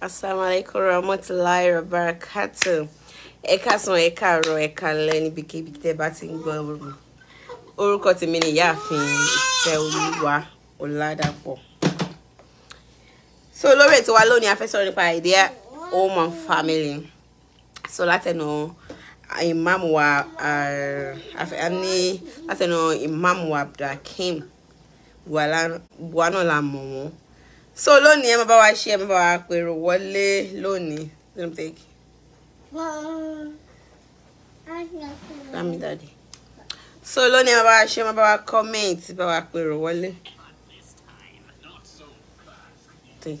Assalamu alaikum warahmatullahi wabarakatuh. Ẹ káàsán, ẹ káàárọ̀, ẹ káalẹ́ níbikíbi tẹ́ bá ti ń gbọ́ ọ̀rọ̀. Orúkọ tèmi ni Ìyáàfin Ìfẹ́olúwa Ọládàpọ̀. So lórí ètò wa lónìí a fẹ́ sọ̀rọ̀ nípa idea home family. So látẹnu ìmáàmù wa ní látẹnu ìmáàmù wa Abdulhakeem Buwa náà la mọ̀ wọ́n so lónìí ẹ máa bá wa ṣe ẹ máa bá wa pèrò wọlé lónìí don't take. Lami dadi. So lónìí máa bá wa ṣe máa bá wa comment bá wa pèrò wọlé. Take.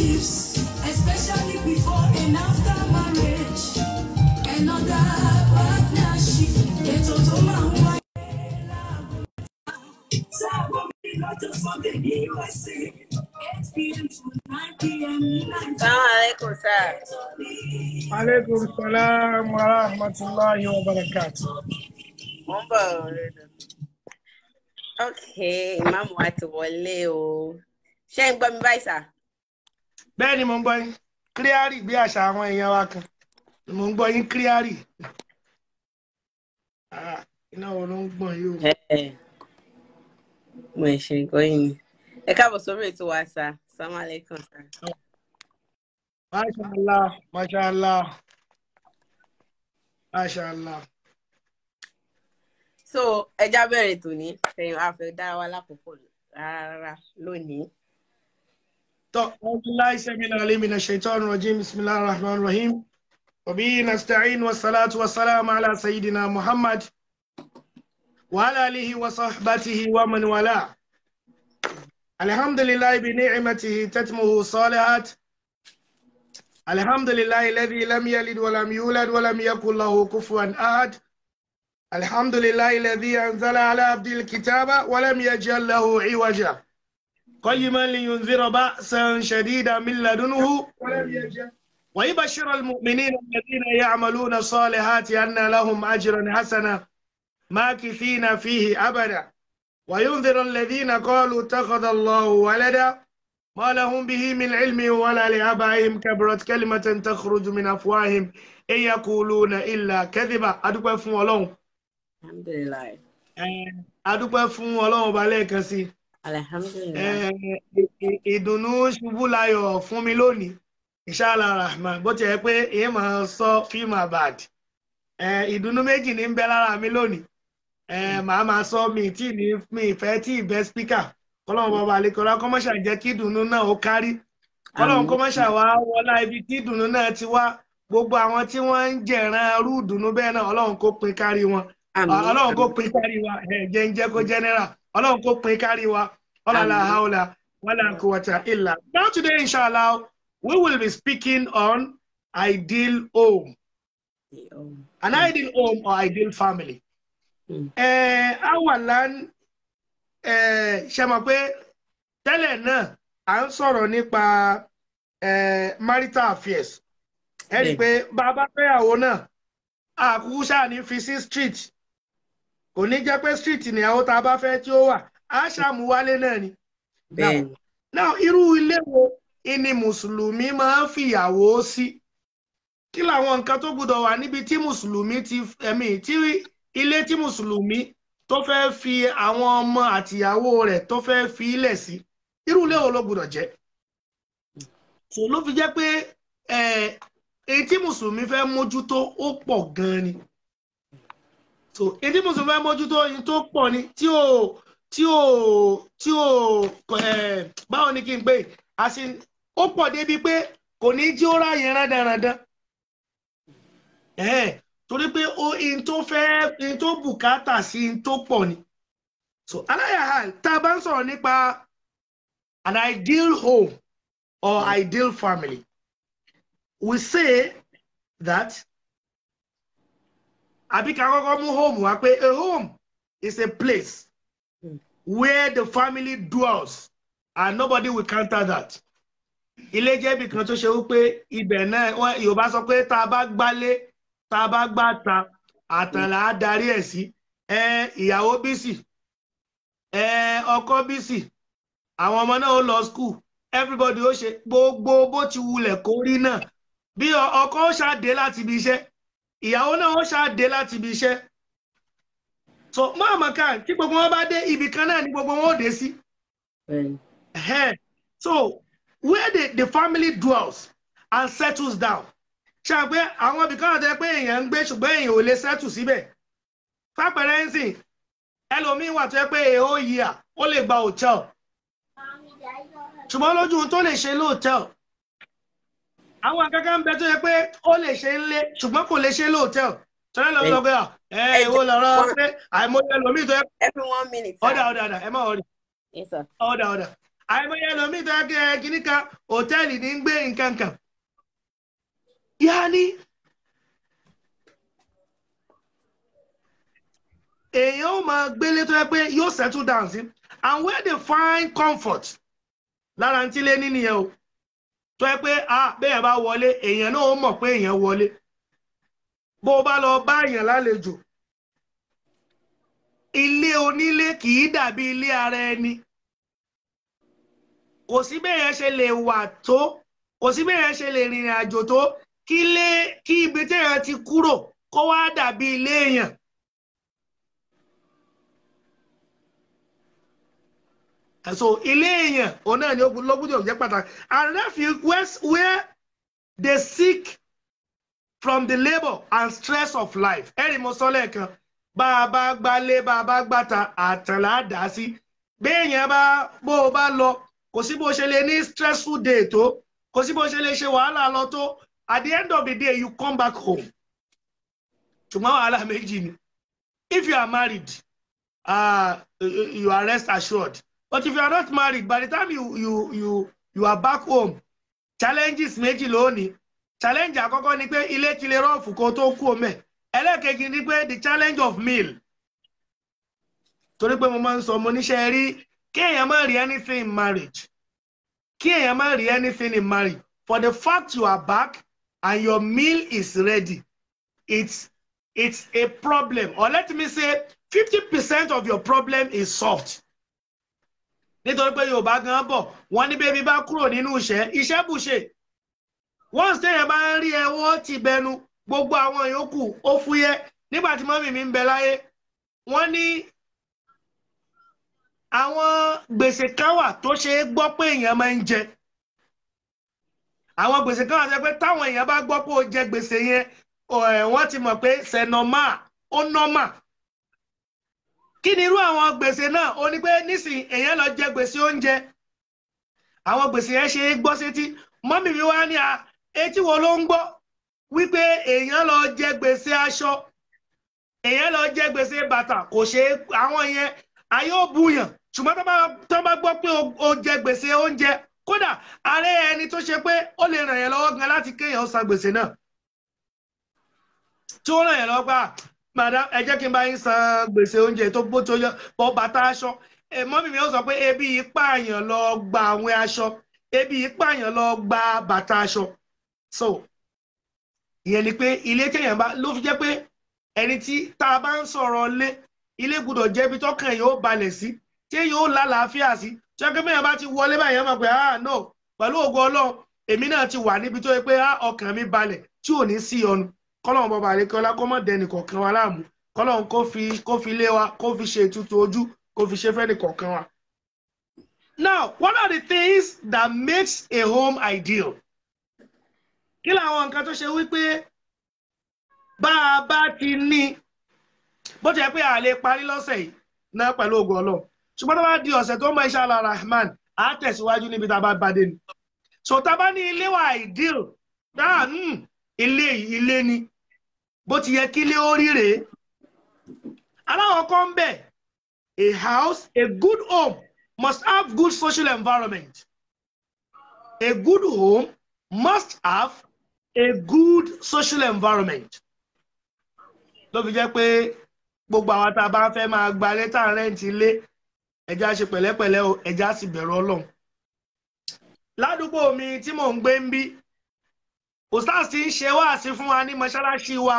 relationships, especially before and after marriage. Another partnership, ètò tó máa alaikum sáà. wa rahmatulahi wa barakatu. Okay, ìmáàmù wa ti wọlé o. Ṣé ń gbọ́ mi báyìí sà? bẹ́ẹ̀ ni mo ń gbọ́ yín kíríárì bí àṣà àwọn èèyàn wa kan mo ń gbọ́ yín kíríárì ah, iná wo ló ń gbọ̀n yóò. mo ẹ̀ ṣe nǹkan yìí ni ẹ káàbọ̀ sórí ètò wa sá assalamu alaikum sá. máṣáláà máṣáláà so ẹja bẹ̀rẹ̀ tòní ṣẹ̀yìn a fẹ́ dá wa lákòókò rárá lónìí. طب بالله سميع العليم من الشيطان الرجيم بسم الله الرحمن الرحيم وبه نستعين والصلاة والسلام على سيدنا محمد وعلى آله وصحبه ومن والاه الحمد لله بنعمته تتمه الصالحات الحمد لله الذي لم يلد ولم يولد ولم يكن له كفوا أحد الحمد لله الذي أنزل على عبد الكتاب ولم يجعل له عوجا قيما لينذر بأسا شديدا من لدنه ويبشر المؤمنين الذين يعملون الصالحات أن لهم أجرا حسنا ماكثين فيه أبدا وينذر الذين قالوا اتخذ الله ولدا ما لهم به من علم ولا لآبائهم كبرت كلمة تخرج من أفواههم إن يقولون إلا كذبا أدوك فون الحمد لله أدوبة فون الله alhamdulillah. Eh, ìdùnnú ṣubú layọ̀ fún mi lónìí ìṣàlà rahman bó ti yẹ pé èyí máa sọ fíìmù abad eh, ìdùnnú méjì ní ń bẹ lára mi lónìí eh, hmm. màá máa sọ mi tí mi ìfẹ́ tí ìbẹ́ spíkà kọ́lọ́mù bàbá àlekọ́lá kọ́mọ́ṣà jẹ́ kí ìdùnnú náà ó kárí kọ́lọ́mù kọ́mọ́ṣà wá wọlá ibi tí ìdùnnú náà ti wá gbogbo àwọn tí wọ́n ń jẹ̀ràn arú ìdùnnú bẹ́ẹ̀ náà ọlọ́run kó pin kárí wọn ọlọ́run kó pin kárí wa jẹ́ńjẹ́ kó jẹ́nẹ́rà ọlọ́run kó pin kárí wa ọlọ́la haula wala quwwata illa. now today inshallah we will be speaking on ideal home an hmm. ideal home or ideal family. Hmm. Eh, awalan eh, ṣe mọ̀ pé tẹ́lẹ̀ náà à ń sọ̀rọ̀ nípa eh, marital affairs ẹ rí i pé bàbá fẹ́yàwó náà àkúkú sáà ní fi sí street kò ní jẹ́ pé street ni àwọn tá a bá fẹ́ tí ó wà á ṣàmúwálé náà ni. bẹ́ẹ̀ náà irú ilé wo ni mùsùlùmí máa ń fìyàwó sí kí làwọn nǹkan tó gbọ́dọ̀ wà níbi tí mùsùlùmí ti ẹ̀mí tí ilé tí mùsùlùmí tó fẹ́ fi àwọn ọmọ àtìyàwó rẹ̀ tó fẹ́ fi ilẹ̀ sí irú ilé wo ló gbọ́dọ̀ jẹ́ tò ló fi jẹ́ pé eh, èyí tí mùsùlùmí fẹ́ mójútó ó pọ̀ gan-an ni. so ìdí mùsùlùmí mójútó yìí tó pọ̀ ni tí o tí ò tí ò báwo ni kí n pè àti ó pọ̀ débi pé kò ní jí ó ráyè rádaràdà torí pé o in tó fẹ́ in tó bùkátà sí in tó pọ̀ ni so aláyàhà tá a bá ń sọ̀rọ̀ nípa an ideal home or ideal family we say that àbí ká kọ́kọ́ mú home wá pé a home is a place hmm. where the family dwells and nobody will counter that. ilé jẹ́ ibì kan tó ṣe wípé ibẹ̀ náà Yorùbá sọ pé tá a bá gbálé tá a bá gbá ta àtàlà á darí ẹ̀ sí ìyàwó bísì ọkọ bísì àwọn ọmọ náà ó lọ school everybody ó ṣe gbogbo bó ti wulẹ̀ kórí náà bí ọkọ ó ṣàdé láti ibi iṣẹ́ ìyàwó náà ó ṣáàdé láti ibi iṣẹ́ so mọ́ọ̀mọ́ kan tí gbogbo wọn bá dé ibì kan náà ni gbogbo wọn ó dé sí. so where the, the family dwells and settles down ṣe àpé àwọn ibì kan náà tẹ́ pé èèyàn ń gbé ṣùgbọ́n èèyàn ò lè settle síbẹ̀ fápẹ̀rẹ́ ń sìn ẹlòmíín wà tó yẹ pé èèyàn ó yíyà ó lè gba hotel ṣùgbọ́n lójú tó lè ṣe lóòtẹ́ẹ̀lì àwọn kankan ń bẹ tó yẹ pé ó lè ṣe ń ṣùgbọ́n kò lè ṣe lóòtẹ́ẹ̀lì tọ́lá lọ́wọ́ lọ́gbẹ́ à ah, ẹ ìwọ lọ́rọ́ one ọ̀dà ọ̀dà ọ̀dà ẹ ọ̀dà ọ̀dà àìmọye tó yẹ kí ẹ ní ń gbé nǹkan kan. èèyàn settle down sí and where they find comfort lára ń tilé nínú o. tó yẹ pé ah, bẹ́ẹ̀ bá wọlé èèyàn náà ó mọ̀ pé èèyàn wọlé bó bá lọ bá èèyàn lálejò ilé onílé kì í dàbí ilé ara ẹni kò sí bẹ́ẹ̀ ṣe lè wà tó kò sí bẹ́ẹ̀ ṣe lè rìnrìn àjò tó kí ibi téèyàn ti kúrò kó wá dàbí ilé èèyàn and so ilé èèyàn òun náà ni ó gbúdọ̀ jẹ́ pàtàkì and refuge where they seek from the labour and stress of life ẹ̀rì mo sọ lẹ́ẹ̀kan bá a bá gbalé bá a bá gbàtà àtàlà dà sí béèyàn bá bó o bá lọ kò sí bó o ṣe lè ní stressful day tó kò sí bó o ṣe lè ṣe wàhálà lọ tó at the end of the day you come back home ṣùgbọ́n wàhálà méjì ni if you are married uh, you are rest assured But if you are not married, by the time you you you you are back home, challenges méjì lónìí. Challenge àkọ́kọ́ ni pé ilé ti lè rọ́ọ̀fù kó tó kú omi. Ẹlẹ́ẹ̀kejì ni pé the challenge of meal. Torí pé mo máa ń sọ mo níṣẹ́ rí kí èèyàn má rí anything in marriage. Kí èèyàn má rí anything in marriage. For the fact you are back and your meal is ready, it's it's a problem. Or let me say, 50% of your problem is solved nítorí pé yorùbá gan bọ̀ wọ́n ní bẹ́ẹ̀ mi bá kúrò nínú iṣẹ́ iṣẹ́ bùṣe wọ́n sẹ́yìn bá ń rí ẹwọ́ ti bẹnu gbogbo àwọn yòókù ó fúyẹ́ nígbà tí mọ́mì mi ń bẹ láyé wọ́n ní àwọn gbèsè kan wà tó ṣe é gbọ́ pé èèyàn máa ń jẹ àwọn gbèsè kan wà pé táwọn èèyàn bá gbọ́ pé ó jẹ gbèsè yẹn wọ́n ti mọ̀ pé sẹ̀nọ́mà ó nọ́mà kini iru irú àwọn gbèsè náà ó ní pé nísìnyí èèyàn lọ jẹ gbèsè oúnjẹ àwọn gbèsè yẹn ṣe é gbọ́ sétí mọ́mì mi wá ní a etí wo ló ń gbọ́ wípé èèyàn lọ jẹ gbèsè aṣọ èèyàn lọ jẹ gbèsè bàtà kò ṣe é àwọn yẹn ayé ò búyàn ṣùgbọ́n tó bá o jẹ gbèsè oúnjẹ kódà ààrẹ ẹni tó ṣe pé ó lè ràn yẹn lọ́wọ́ gan láti kéèyàn san madam ẹ jẹ́ kí n bá yín san gbèsè oúnjẹ tó bó tó yọ bọ́ bàtà aṣọ mọ́mí mi ó sọ pé ebi ìpààyàn lọ gba àwọn aṣọ ebi ìpààyàn lọ gba bàtà aṣọ so ìyẹn ni pé ilé téèyàn bá ló fi jẹ́ pé ẹni tí tá a bá ń sọ̀rọ̀ lé ilé gbọ́dọ̀ jẹ́ ibi tọ́kàn yóò balẹ̀ sí téèyàn ó lálàáfíà sí ṣẹ́kẹ́ mẹ́yàn bá ti wọlé báyìí ẹ̀ máa pẹ́ ah no pẹ̀lú ògo ọlọ́run èmi náà ti wà níbi tó yẹ pé ah, ọkàn mi balẹ̀ tí ò ní sí ọnu kọ́lọ́hún bọ́ba àlékọ́lá kó mọ̀ dẹni kọ̀ọ̀kan wa láàmú kọ́lọ́hún kó fi lé wa kó fi ṣe ètùtù ojú kó fi ṣe fẹ́ni kọ̀ọ̀kan wa. now one of the things that makes a home ideal? kí làwọn nǹkan tó ṣe wípé bá a bá ti ní bó ti yẹ pé a lè parí lọ́sẹ̀ yìí náà pẹ̀lú ògùn ọlọ́run ṣùgbọ́n tó bá di ọ̀sẹ̀ tó ń bọ̀ insha rahman á tẹ̀síwájú níbi tá a bá bá ni. so tá a bá ní ilé wa ideal dáa ah, hmm, ilé yìí ilé ni bó ti yẹ kílé ó rí rèé aláwọn kan ń a house a good home must have good social environment a good home must have a good social environment ló fi jẹ́ pé gbogbo àwọn tá a bá fẹ́ máa gba lẹ́tà rẹ́ǹtì ilé ẹja ṣe pẹ̀lẹ́pẹ̀lẹ́ o ẹja sì bẹ̀rù ọlọ́run ládùúgbò mi tí mò ń gbé ń bí ustaz ti ń ṣe wáàsí fún wa ní mọ́ṣáláṣí wa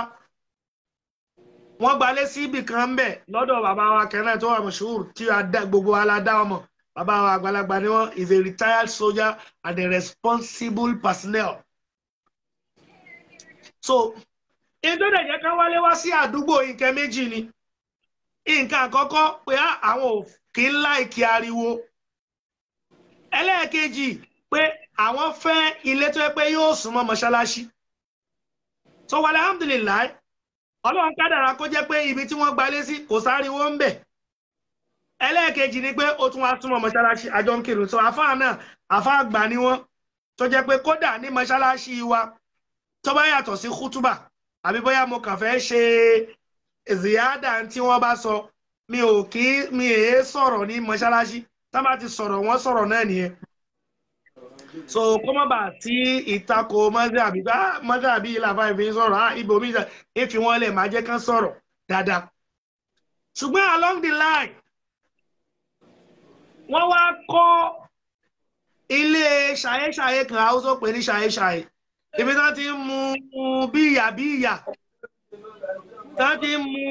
wọ́n gbalé sí ibì kan ń bẹ̀ lọ́dọ̀ bàbá wa kẹ́nà tó wà mọ̀ṣúrù tí gbogbo aládá ọmọ bàbá wa àgbàlagbà ni wọ́n is a retired soldier and a responsible personnel. so ìdúró jẹ́ ká wálé wá sí àdúgbò nǹkan méjì ni nǹkan àkọ́kọ́ pé ah, àwọn ò kí ń láìkí ariwo ẹlẹ́ẹ̀kejì pé àwọn fẹ́ ilé tó yẹ pé yóò súnmọ́ mọ́ṣáláṣí so alhamdulillah ọlọ́run kádàrá kó jẹ́ pé ibi tí wọ́n gbalé sí kò sáriwo ń bẹ̀ ẹlẹ́ẹ̀kejì ni pé ó tún wá súnmọ́ mọ́ṣáláṣí àjọ ń kírun so àfáà náà àfáà àgbà ni wọ́n tó jẹ́ pé kódà ní mọ́ṣáláṣí wa tó bá yàtọ̀ sí kútúbà àbí bóyá mo kàn fẹ́ ṣe ziyada tí wọ́n bá sọ mi ò kí mi èé sọ̀rọ̀ ní mọ́ṣáláṣí tá bá ti sọ̀rọ̀ wọ́n sọ̀rọ̀ náà nìyẹn so kọ́mọ́bà tí ìtakò mọ́sàbí bá mọ́sàbí làbá ìfi sọ̀rọ̀ á ah, ibòmí ìfi wọn lẹ̀ máa jẹ́ kán sọ̀rọ̀ dáadáa ṣùgbọ́n along the line wọ́n wá kọ́ ilé ṣayéṣayé kan àwùjọ pé ní ṣayéṣayé ibi tán ti ń mu bí ìyà bí ìyà tán ti ń mu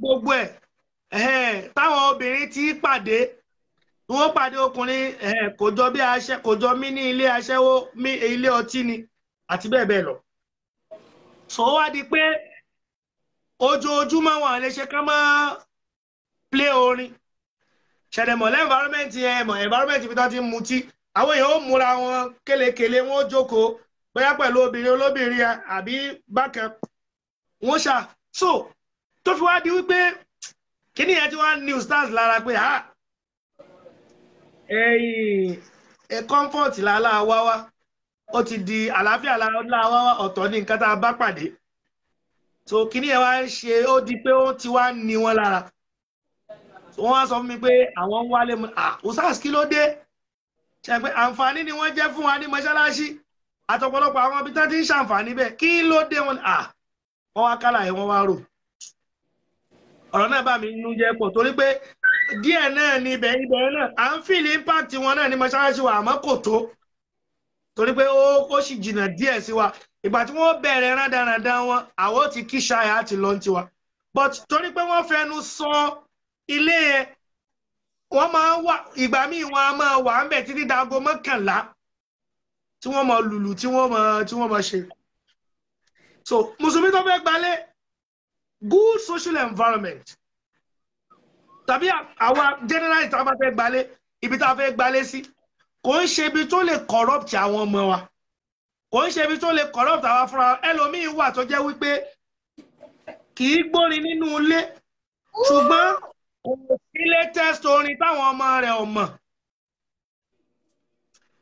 gbogbo ẹ̀ táwọn obìnrin ti pàdé wọ́n pàdé ọkùnrin eh, kò jọ bí aṣẹ kò jọ mí ní ilé aṣẹ́wó mí ilé ọtí ni àti bẹ́ẹ̀ bẹ́ẹ̀ lọ. sọ wá di pé ojoojúmọ́ wọn lè ṣe ká máa play orin ṣẹ̀dẹ̀mọ̀ lẹ́nvárọ́mẹ́ǹt yẹn mọ̀ environment ibi tó ti ń mutí àwọn èèyàn ó múra wọn kélekèle wọn ó jókòó bóyá pẹ̀lú obìnrin olóbìnrin àbí bákan wọn ṣá so tó fi wá di wípé kíní ti wá new stars lára pé ah ẹ̀yìn ẹ comfort làálà wá wá ó ti di àlàáfíà làálà wá wá ọ̀tọ̀ ní nǹkan tá a bá pàdé so kíní ẹ wá ń ṣe ó di pé ó ti wá ní wọn lára wọ́n wá sọ fún mi pé àwọn ń wálé mu ah, usas kí ló dé ṣẹpẹ àǹfààní ni wọ́n jẹ́ fún wa ní mọ́ṣáláṣí àtọ̀pọ̀lọpọ̀ àwọn ibi tán ti ń ṣàǹfààní bẹ́ẹ̀ kí ló dé wọn ah, wọ́n wá kálà ẹ wọ́n wá rò ọ̀rọ̀ náà bá mi nínú jẹ́ pọ̀ torí pé díẹ̀ náà ni ibẹ̀ ibẹ̀ náà à ń fìlì impact wọn náà ní mọ́ṣáláṣí wa àmọ́ kò tó torí pé ó sì jìnnà díẹ̀ sí wa ìgbà tí wọ́n bẹ̀rẹ̀ rádaràda wọn àwọn ti kí ṣáyà àti lọ́ntì wa but torí pé wọ́n fẹnu sọ ilé yẹn wọ́n máa wà ìgbà míì wọn a máa wà ń bẹ̀ títí dago mọ́kànlá tí wọ́n máa lùlù tí wọ́n máa tí wọ́n máa ṣe so mùsùlùmí tó fẹ́ gbalẹ̀ good social environment tàbí àwa generalist tá a bá fẹ́ gbalé ibi tá a fẹ́ gbalé sí kò ń ṣe ibi tó lè corrupt àwọn ọmọ wa kò ń ṣe ibi tó lè corrupt àwa fúnra ẹlòmíín wà tó jẹ́ wípé kì í gbórin nínú ilé ṣùgbọ́n kò sí latest orin táwọn ọmọ rẹ̀ ò mọ̀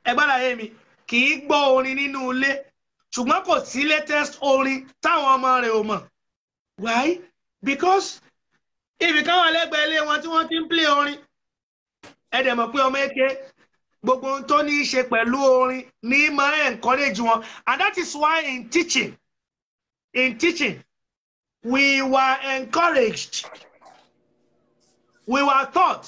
ẹgbàlá yé mi kì í gbọ́ orin nínú ilé ṣùgbọ́n kò sí latest orin táwọn ọmọ rẹ̀ ò mọ̀ why because ibì kan wà lẹ́gbẹ̀ẹ́ ilé wọn tí wọ́n ti ń plé orin ẹ dẹ̀ mọ̀ pé ọmọ eke gbogbo ohun tó ní í ṣe pẹ̀lú orin ní máa ń encourage wọn and that is why in teaching in teaching we were encouraged we were taught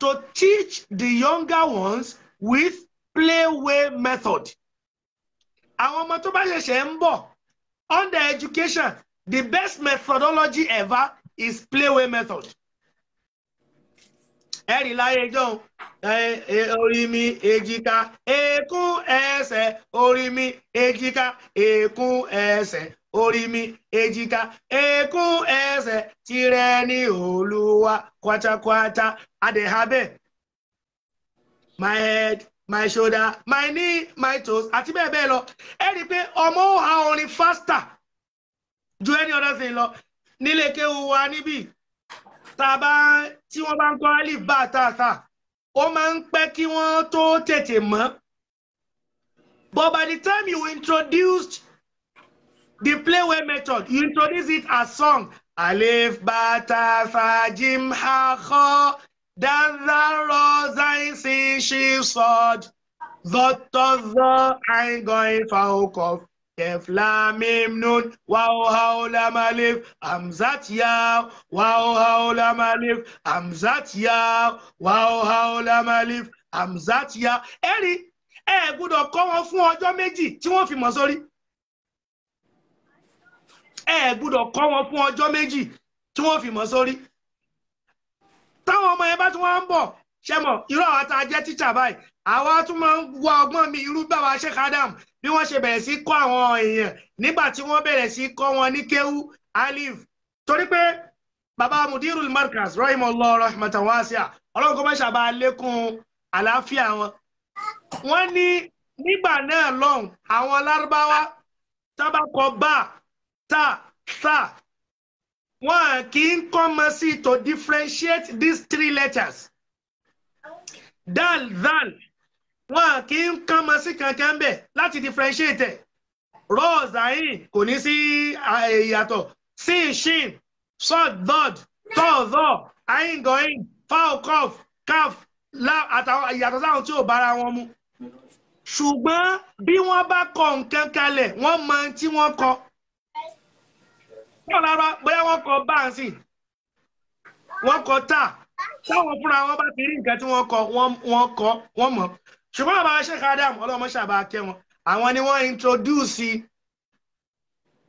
to teach the younger ones with playway method àwọn ọmọ tó bá ṣẹ̀ṣẹ̀ ń bọ̀ under education the best methodology ever is playway method ẹ̀rì láyé jọ̀hún orí mi èjìká èkún ẹsẹ̀ orí mi èjìká èkún ẹsẹ̀ orí mi èjìká èkún ẹsẹ̀ tirẹ̀ ní olúwa kwatakwata adéhábẹ́ my head my shoulder my knee my toes àti bẹ́ẹ̀ bẹ́ẹ̀ lọ ẹ̀rì pé ọmọ ó ha orin faster ju any other thing lọ nílé kéwu wa níbí tá tí wọ́n bá ń kọ́ alif bá a ta ta ó máa ń pẹ́ kí wọ́n tó tètè mọ̀ but by the time you introduced the playway method you introduce it as song alif ba ta fa jim ha kho dada ro zain sin shi sod zọtọzọ àìgàn ìfà okọ Kef Lamim Nun Wao Haolam Alif Amzat Yaw Wao Haolam Alif Amzat Yaw Wao Haolam Alif Amzat Yaw ẹ̀rí ẹ gbọ́dọ̀ kọ́ wọn fún ọjọ́ méjì tí wọ́n fi mọ̀ sórí ẹ gbọ́dọ̀ kọ́ wọn fún ọjọ́ méjì tí wọ́n fi mọ̀ sórí táwọn ọmọ yẹn bá tún wá ń bọ̀ ṣẹ́mọ̀ irú àwọn tá a jẹ́ tíṣà àwa tún máa ń wá ọgbọ́n mi irú báwa Sheikh Adam bí wọ́n ṣe bẹ̀rẹ̀ sí kọ́ àwọn èèyàn nígbà tí wọ́n bẹ̀rẹ̀ sí kọ́ wọn ní kéwú alif torí pé bàbá mudirul markaz rahim allah rahmatan wasi'a ọlọ́run kò bá ṣàbá lékún àlàáfíà wọn. wọ́n ní nígbà náà lọ́hùn àwọn lárúbáwá tábàkọ bá ta ta wọn kì í kọ́ mọ sí to differentiate these three letters dal dal wọn kì í kán mọ sí kankan bẹ̀ láti differentiate ẹ̀ rosain kò ní sí ìyàtọ̀ sin shin sod dod tọ́ọ̀dọ̀ aingoin falcof caf àtàwọn ìyàtọ̀ sáwọn tí ò bára wọn mu ṣùgbọ́n bí wọ́n bá kọ nǹkan kalẹ̀ wọ́n mọ tí wọ́n kọ wọ́n lára bóyá wọ́n kọ báǹsì wọ́n kọ tà táwọn fúnra wọn bá ti rí nǹkan tí wọ́n kọ wọ́n kọ wọ́n mọ̀ ṣùgbọ́n bàbá Sheikh Adam ọlọ́mọ ṣàbá kẹ́ wọn àwọn ni wọ́n introduce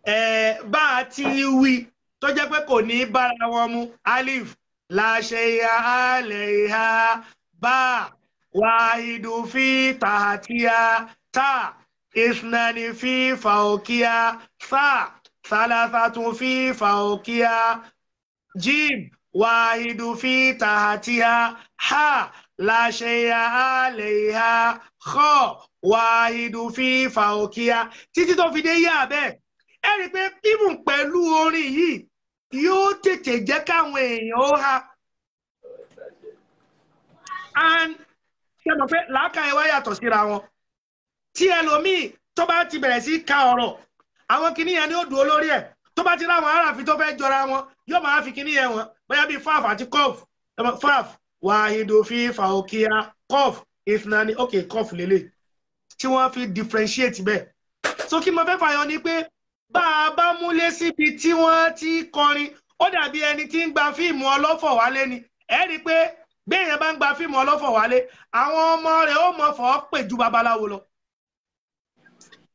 ẹ̀ bá a ti wí tó jẹ́ pé kò ní bára wọn mu alif láṣẹ ìhà alẹ́ ìhà bá wàhídù fi tàhátìyà tá ìsìnàní fi fàókìyà sá sálásàtún fi fàókìyà jim wàhídù fi tàhátìyà ha. لا شيء عليها خاء واحد في فوقها títí tó fi dé yá bẹ́ẹ̀ ẹ rí i pé even pẹ̀lú orin yìí yóò tètè jẹ́ káwọn èèyàn ó ha and ṣe mọ̀ pé làákàyè wá yàtọ̀ síra wọn tí ẹlòmíì tó bá ti bẹ̀rẹ̀ sí ka ọ̀rọ̀ àwọn kìnìún yẹn ni ó dúró lórí ẹ̀ tó bá ti láwọn aráàfin tó fẹ́ jọra wọn yóò máa fi kìnìún yẹn wọn bóyá bíi fáf àti kọ́ọ̀f fáf wàhídù fi fàókìá cough ìfúnani ok cough lélẹ̀ tí wọ́n fi differentiate bẹ́ẹ̀ so kí mo fẹ́ fàyọ ni pé bá a bá múlé síbi tí wọ́n ti kọrin ó dàbí ẹni tí ń gba fíìmù ọlọ́fọ̀ wálé ni ẹ rí i pé béèyàn bá ń gba fíìmù ọlọ́fọ̀ wálé àwọn ọmọ rẹ̀ ó mọ̀ fọ́ pè ju babaláwo lọ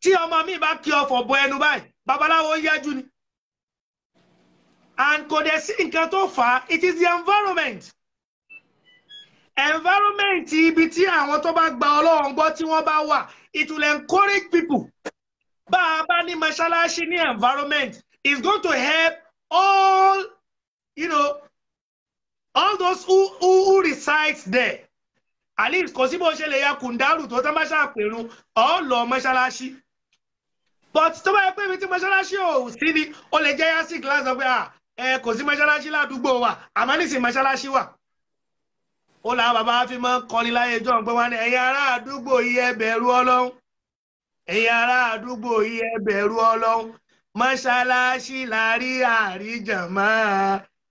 tí ọmọ mi bá kí ọfọ̀ bọ ẹnu báyìí babaláwo ń yájú ni and kò dẹ̀ sí nǹkan tó fà á it is the environment environment ibi tí àwọn tó bá gba ọlọ́run gbọ́ tí wọ́n bá wà it will encourage people bá a bá ní mọ́ṣáláṣí ní environment is going to help all you know all those who who, who reside there at least kò sí bó ṣe lè ya kùndàrú tó tán bá ṣàpèrún ọ̀ mọ́ṣáláṣí but tó bá yẹ pé ibi tí mọ́ṣáláṣí ò sí ni ó lè jẹ́ yá sí glass ọgbẹ́ à kò sí mọ́ṣáláṣí ládùúgbò wa àmọ́ nísìnyí mọ́ṣáláṣí wà ó làwọn bàbá fi máa ń kọrin láyé john pé wọn ní ẹ̀yin ará àdúgbò yìí ẹ bẹ̀rù Ọlọ́run ẹ̀yin ará àdúgbò yìí ẹ bẹ̀rù Ọlọ́run mọ́ṣáláṣí láàrí àríjàmá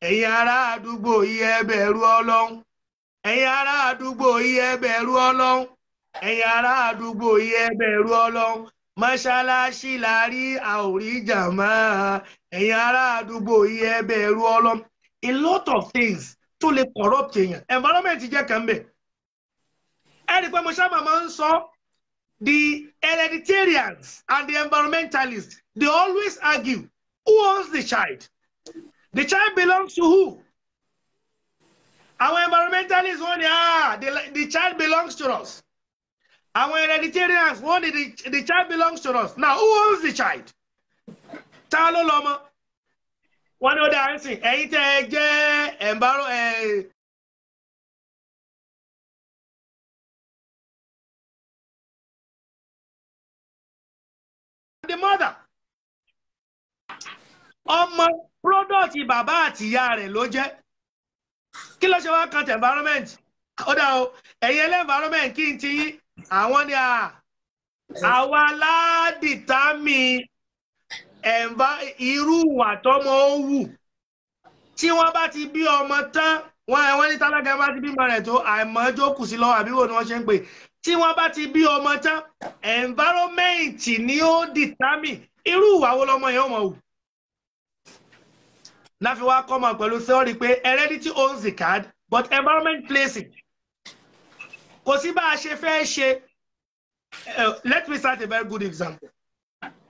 ẹ̀yin ará àdúgbò yìí ẹ bẹ̀rù Ọlọ́run ẹ̀yin ará àdúgbò yìí ẹ bẹ̀rù Ọlọ́run ẹ̀yin ará àdúgbò yìí ẹ bẹ̀rù Ọlọ́run mọ́ṣáláṣí láàrí àríjàmá ẹ̀yin ará àdúgbò yìí ẹ bẹ̀rù Ọlọ́run a lot of things tó lè corrupt environment jẹ́ kan bẹ̀. ẹ rí i pé mo sábà the hereditarians and the environmentalists they always argue who owns the child the child belongs to who àwọn environmentalists want ah the, the child belongs to us àwọn hereditarians want the, the child belongs to us now who owns the child ta ló wọ́n ní ó dáa ń sìn ẹ̀yin tẹ́ ẹ jẹ́ ẹ̀ǹbárò ẹ̀ the mother ọmọ product bàbá àti ìyá rẹ̀ ló jẹ́ kí ló ṣe wá kan tẹ̀ environment ó dà o ẹ̀yin ẹlẹ́ environment kí n ti yín àwọn ni àwa ládìtámì ẹ̀ǹbá irú ìwà tọ́mọ ó wù tí wọ́n bá ti bí ọmọ tán wọ́n ẹ̀ wọ́n ní tálákà bá ti bímọ rẹ̀ tó àìmọ́jọ́ kù sí lọ́wọ́ àbí wo ni wọ́n ṣe ń pè tí wọ́n bá ti bí ọmọ tán environment ni ó determine irú ìwà wo lọ́mọ yẹn ó mọ̀ wù. láfi wá kọ́ ọmọ pẹ̀lú theory pé heredity owns the card but environment plays it. kò sí bá a ṣe fẹ́ ṣe eh, let me start a very good example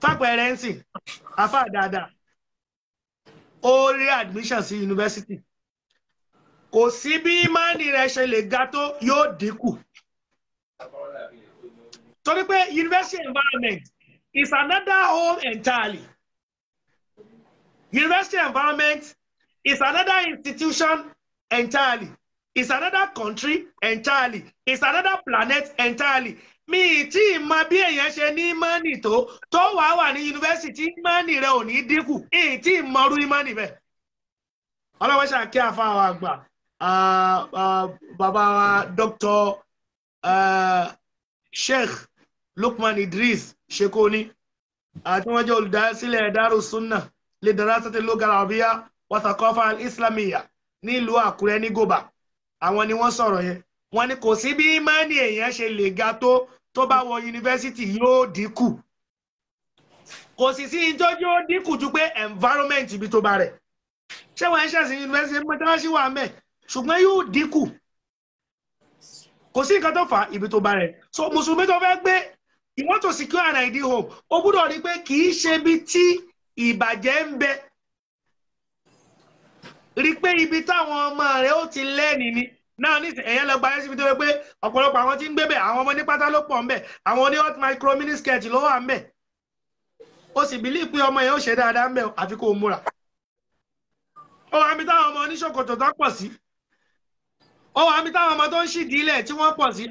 fàpẹẹrẹ ń sìn àfà dáadáa ó rí admission sí yunifásitì kò sí bí ìmánì rẹ ṣe lè ga tó yóò dínkù torí pé university environment is another home entirely university environment is another institution entirely is another country entirely is another planet entirely mi tí ì mọ bí èèyàn ṣe ní mọ́nì tó tó wàá wà ní yunifásitì mọ́nì rẹ ò ní dínkù èyí tí ì mọrú mọ́nì bẹ́ẹ̀. ọlọ́wọ́ ṣàkí àfa àgbà bàbá wa Dr. Sheikh Lukman Idris Shekoni àti wọ́n jẹ́ olùdásílẹ̀ Daru Sunna lè darasati lugha arabiya wa thaqafa al-islamiyya nílùú Àkúrẹ́ ní Goba àwọn ni wọ́n sọ̀rọ̀ yẹn wọ́n ní kò sí bí mọ́nì èèyàn ṣe lè ga tó tó bá wọ yunifásitì yóò dínkù kò sì sí ìtọ́jú ó dínkù ju pé environment ibi tó bá rẹ̀ ṣé wọ́n ń ṣẹ̀sìn yunifásitì mọ́tàlásí wà mẹ́ ṣùgbọ́n yóò dínkù kò sí nǹkan tó fà ibi tó bá rẹ̀ so mùsùlùmí tó fẹ́ gbé you want to secure an ideal home o gbúdọ̀ rí pé kì í ṣe ibi tí ìbàjẹ́ ń bẹ rí pé ibi táwọn ọmọ rẹ̀ ó ti lẹ́ni ni náà ní ẹ̀yẹ́ lọ gbayé síbi tó yẹ pé ọ̀pọ̀lọpọ̀ àwọn tí ń gbé bẹ̀ àwọn ọmọ ní pátá ló pọ̀ ńbẹ̀ àwọn oní hot micro mini sketch ló wà ńbẹ̀ o sì bìlí pé ọmọ yẹn ó ṣe dáadáa ńbẹ̀ àfi kó o múra ó wàá mi táwọn ọmọ oníṣòkòtò tó pọ̀ sí ó wàá mi táwọn ọmọ tó ń ṣìdí ilẹ̀ tí wọ́n pọ̀ sí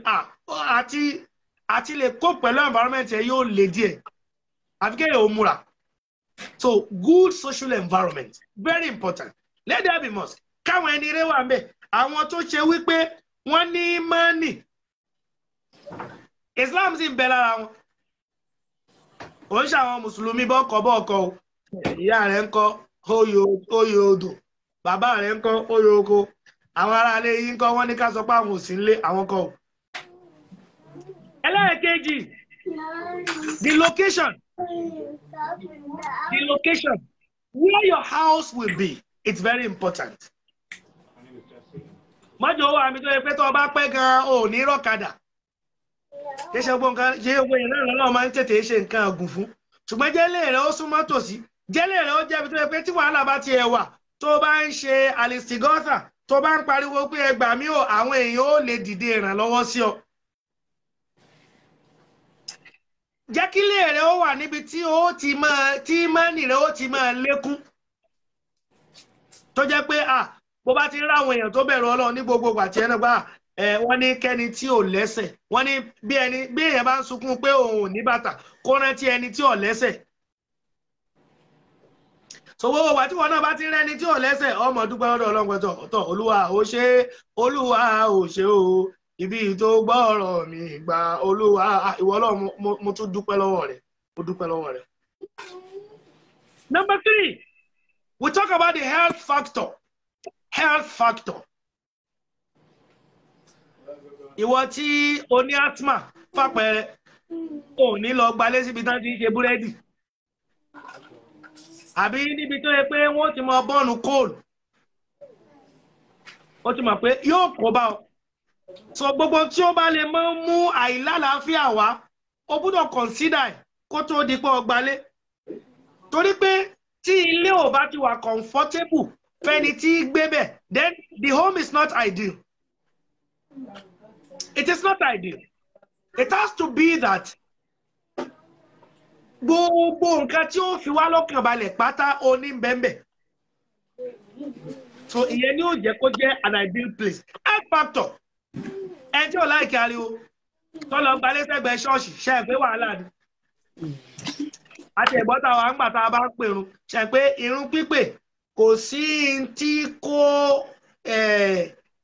àti àti lè kó pẹ̀lú environment yẹn yóò le díẹ̀ àfi kéèyàn ó múra so good social environment very important let there be mosque káwọn ẹni eré wà ńbẹ̀ àwọn tó ṣe wípé wọ́n ní mọ́nì Islam sì ń bẹ lára wọn ò ń ṣàwọn mùsùlùmí bọ́kọ̀ bọ́ọ̀kọ̀ o ìyá rẹ̀ ń kọ́ oyè odò bàbá rẹ̀ ń kọ́ oyè oko àwọn aráalé yìí ń kọ́ wọ́n ní ká sọ pé àwọn ò sí ń àwọn kọ́ o. ẹlẹ́ẹ̀kejì the location the location where your house will be it's very important mọ́jọ́ wà mí tó yẹ pé tó bá pẹ́ gan ò ní rọ́kadà kí ṣe gbogbo nǹkan ṣe gbogbo yẹn náà lọ́wọ́ máa ń tètè ṣe nǹkan ọ̀gùn fún ṣùgbọ́n jẹ́lẹ̀ rẹ̀ ó súnmọ́ tòsí jẹ́lẹ̀ rẹ̀ ó jẹ́bi tó yẹ pé tí wàhálà bá ti ẹ̀ wà tó bá ń ṣe alistigọ́sà tó bá ń pariwo pé ẹ gbà mí àwọn èèyàn ó lè dìde ìrànlọ́wọ́ sí ọ. jẹ́ kí ilé rẹ̀ ó wà níbi tí ó ti máa tí mọ́nì rẹ̀ ó ti máa lékún tó jẹ́ pé ah bó bá ti ráwọn èèyàn tó bẹ̀rù ọlọ́run ní gbogbo àti ẹnu gbà ní kẹ́ni tí ò lẹ́sẹ̀ wọn ní bí ẹni bí èèyàn bá ń sunkún pé òun ò ní bàtà kó ẹni tí ò lẹ́sẹ̀ sọwọ́ tí wọn náà bá ti tí ò lẹ́sẹ̀ ọmọ dúpẹ́ tọ̀ olúwa ò ṣe olúwa ò ṣe o ibi tó gbọ́ ọ̀rọ̀ mi gba olúwa ìwọ number health factor ìwọ tí o ní asthma fàpẹẹrẹ ò ní lọ gbalé síbi tán ti ń ṣe búrẹ́dì àbí níbi tó yẹ pé wọ́n ti mọ bọ́ọ̀nù kóòlù ó ti mọ̀ pé yóò kó bá ọ so gbogbo tí ó bá lè mọ mú àìlálàáfíà wá o gbúdọ̀ kọ̀nsídà ẹ̀ kó tó di pé o gbalé torí pé tí ilé ò bá ti wà comfortable fẹ́ni tí gbé then the home is not ideal it is not ideal it has to be that gbogbo nke tí o fi wá lọ́kàn balẹ̀ pátá ní bẹ́ẹ̀bẹ́ so ìyẹn ni ó jẹ́ kó jẹ́ an ideal place egg factor ẹni tí ò láìkí o tó lọ gbalé sẹ́gbẹ̀ẹ́ ṣọ́ọ̀ṣì ṣe é pé wàhálà ni àti ẹ̀gbọ́n táwa ń gbà tá a bá ń pèrun ṣe pé irun pípè kò sí tí kó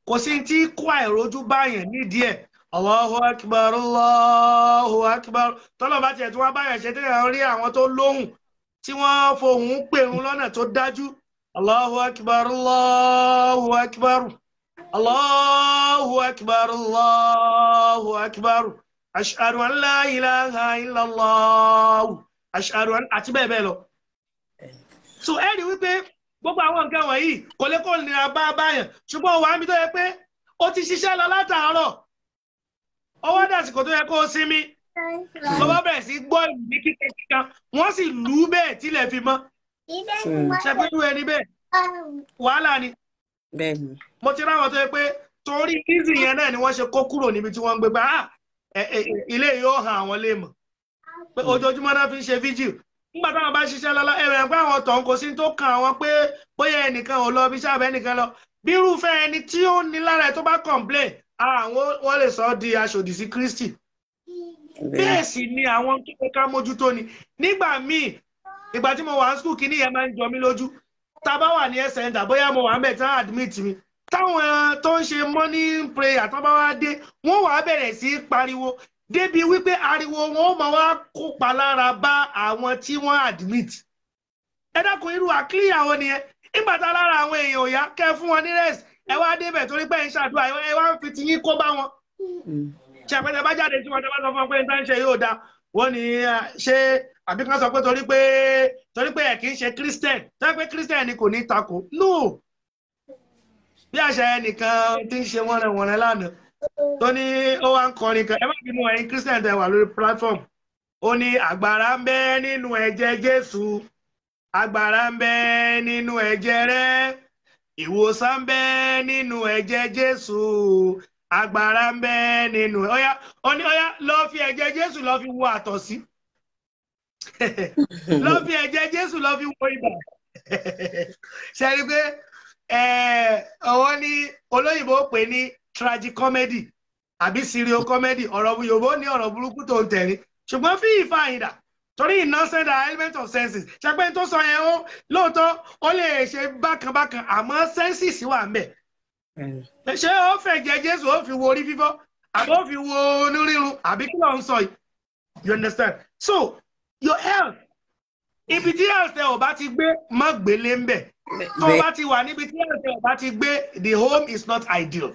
kò sí tí kó àìrójú báyẹn nídìí ẹ̀ Allahu akbar Allahu akbar tọ́lọ́ba tiẹ̀ tí wọ́n báyẹn ṣe tẹ́lẹ̀ rí àwọn tó lóhùn tí wọ́n fohùn pèrún lọ́nà tó dájú Allahu akbar Allahu akbar Allahu akbar Allahu akbar ashhadu an la ilaha illallah ashhadu àti bẹ́ẹ̀ bẹ́ẹ̀ lọ. so ẹ rí wípé gbogbo àwọn nǹkan wọ̀nyí kò lè kó nira bá báyàn ṣùgbọ́n wàá mi tó yẹ pé ó ti ṣiṣẹ́ lọ látàárọ̀ ọwọ́ dàsìkò tó yẹ kó o sinmi ló bá bẹ̀rẹ̀ sí gbọ́ ìlú ní kíkẹ́ kíkà wọ́n sì lù ú bẹ́ẹ̀ tilẹ̀ fi mọ́ ṣàpẹ́tù ẹni bẹ́ẹ̀ wàhálà ni mo ti ráwọn tó yẹ pé torí kízi yẹn náà ni wọ́n ṣe kó kúrò níbi tí wọ́n ń gbé gbà á ah, ilé yóò hàn àwọn lè ojoojúmọ́ náà fi ń ṣe fíjì nígbà táwọn bá ṣiṣẹ́ lọ́lọ́ ẹ̀rọ ẹ̀gbẹ́ àwọn tọ̀hún kò sí tó kan àwọn pé bóyá ẹnìkan ò lọ bí sábẹ́ ẹnìkan lọ bí irúfẹ́ ẹni tí ó ní lára ẹ̀ tó bá complain àwọn wọ́n lè sọ ọ́ di aṣòdì sí Kristi bẹ́ẹ̀ sì ni àwọn tó yẹ ká mójútó ni nígbà míì ìgbà tí mo wà ní skul kìíní yẹn máa ń jọ mí lójú tá bá wà ní ẹsẹ̀ ẹ̀ńdà bóyá mo wà ń bẹ̀ tí wọ́n admit mi táwọn tó ń ṣe morning prayer tó bá wá dé wọ́n wàá bẹ̀rẹ̀ sí pariwo débi wípé ariwo wọn ó máa wá kópa lára bá àwọn tí wọ́n admit ẹ dákun irú àkíyà wọn nìyẹn nígbà tá lára àwọn èèyàn ò yá kẹ́ fún wọn ní rest ẹ wá débẹ̀ torí pé ẹ ń ṣàdúrà ẹ wá ń fi tiyín kó bá wọn ṣàpẹtẹ bá jáde tí wọn tẹ bá sọ fún ọ pé n tá ń ṣe yóò dáa wọn ni ṣé àbí kan sọ pé torí pé torí pé ẹ kì í ṣe christian torí pé christian ni kò ní tako no bí àṣà ẹnìkan ti ń ṣe wọnrẹwọnrẹ lánàá tó ní ó wá ń kọrin kan ẹ má bínú christian platform ó ní agbára ń bẹ nínú ẹ̀jẹ̀ jésù agbára ń bẹ nínú ẹ̀jẹ̀ rẹ ìwòsàn ń bẹ nínú ẹ̀jẹ̀ jésù agbára ń lọ fi ẹjẹ jésù lọ fi wo àtọ̀sí lọ fi ẹjẹ jésù lọ fi wo ibà ṣe rí i pé ní tragicomedy àbí serial comedy ọ̀rọ̀ yorùbá ó ní ọ̀rọ̀ burúkú tó ń tẹ̀rín ṣùgbọ́n fi ìfà àyìndà torí innocent and element of senses ṣẹpẹ́ tó sọ yẹn ó lóòótọ́ ó lè ṣe bákanbákan àmọ́ senses wà ń bẹ̀ eh. ṣé ó fẹ̀jẹ̀ jésù ó fi wo orí fífọ́ àbí ó fi wo onírírun àbí kí ló ń sọ you understand so your health ibi tí health ẹ ò bá ti gbé má gbélé ń bẹ̀ tó bá ti wà níbi tí health ẹ ò bá ti gbé the home is not ideal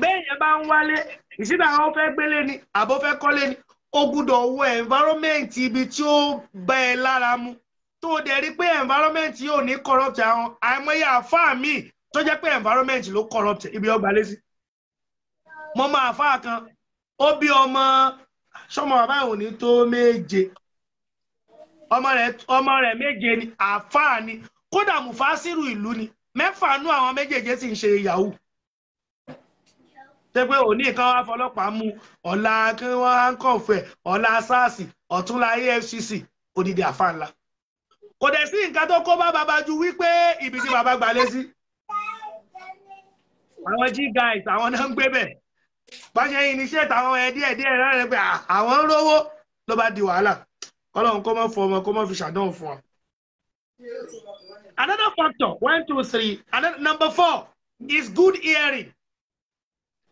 bẹ́ẹ̀ yẹn bá ń wálé ìṣídà àwọn fẹ́ gbélé ni àbó fẹ́ kọ́lé ni ó gbúdọ̀ wo environment ibi tí ó bá ẹ lára mu tó o dẹ̀ rí pé environment yóò ní corrupt àwọn àìmọye àfáà míì tó jẹ́ pé environment ló corrupt ibi ọgbà lé mo máa àfáà kan ó bí ọmọ sọmọ bàbá ìwò ní tó méje ọmọ rẹ̀ méje ni àfáà ni kódà mufasiru ìlú ni mẹ́fà nú àwọn méjèèjì sì ń ṣe yahoo ṣé pé òní kan wá fọlọ́pàá mú ọ̀la kí wọ́n á kàn fẹ̀ ọ̀la sars ọ̀túnla efcc odidi àfàǹlà kò dẹ̀ sí nǹkan tó kó bá bàbá ju wípé ibi tí bàbá gbalé sí àwọn g guys àwọn náà ń gbé bẹ̀ báṣẹ yìí níṣẹ́ táwọn díẹ̀ rárẹ̀ pé àwọn ń rówó ló bá di wàhálà kọ́lọ́run kó mọ́ fọ ọmọ kó mọ́ fi ṣàdánwò fún wa. Another factor one two three another number four is good hearing.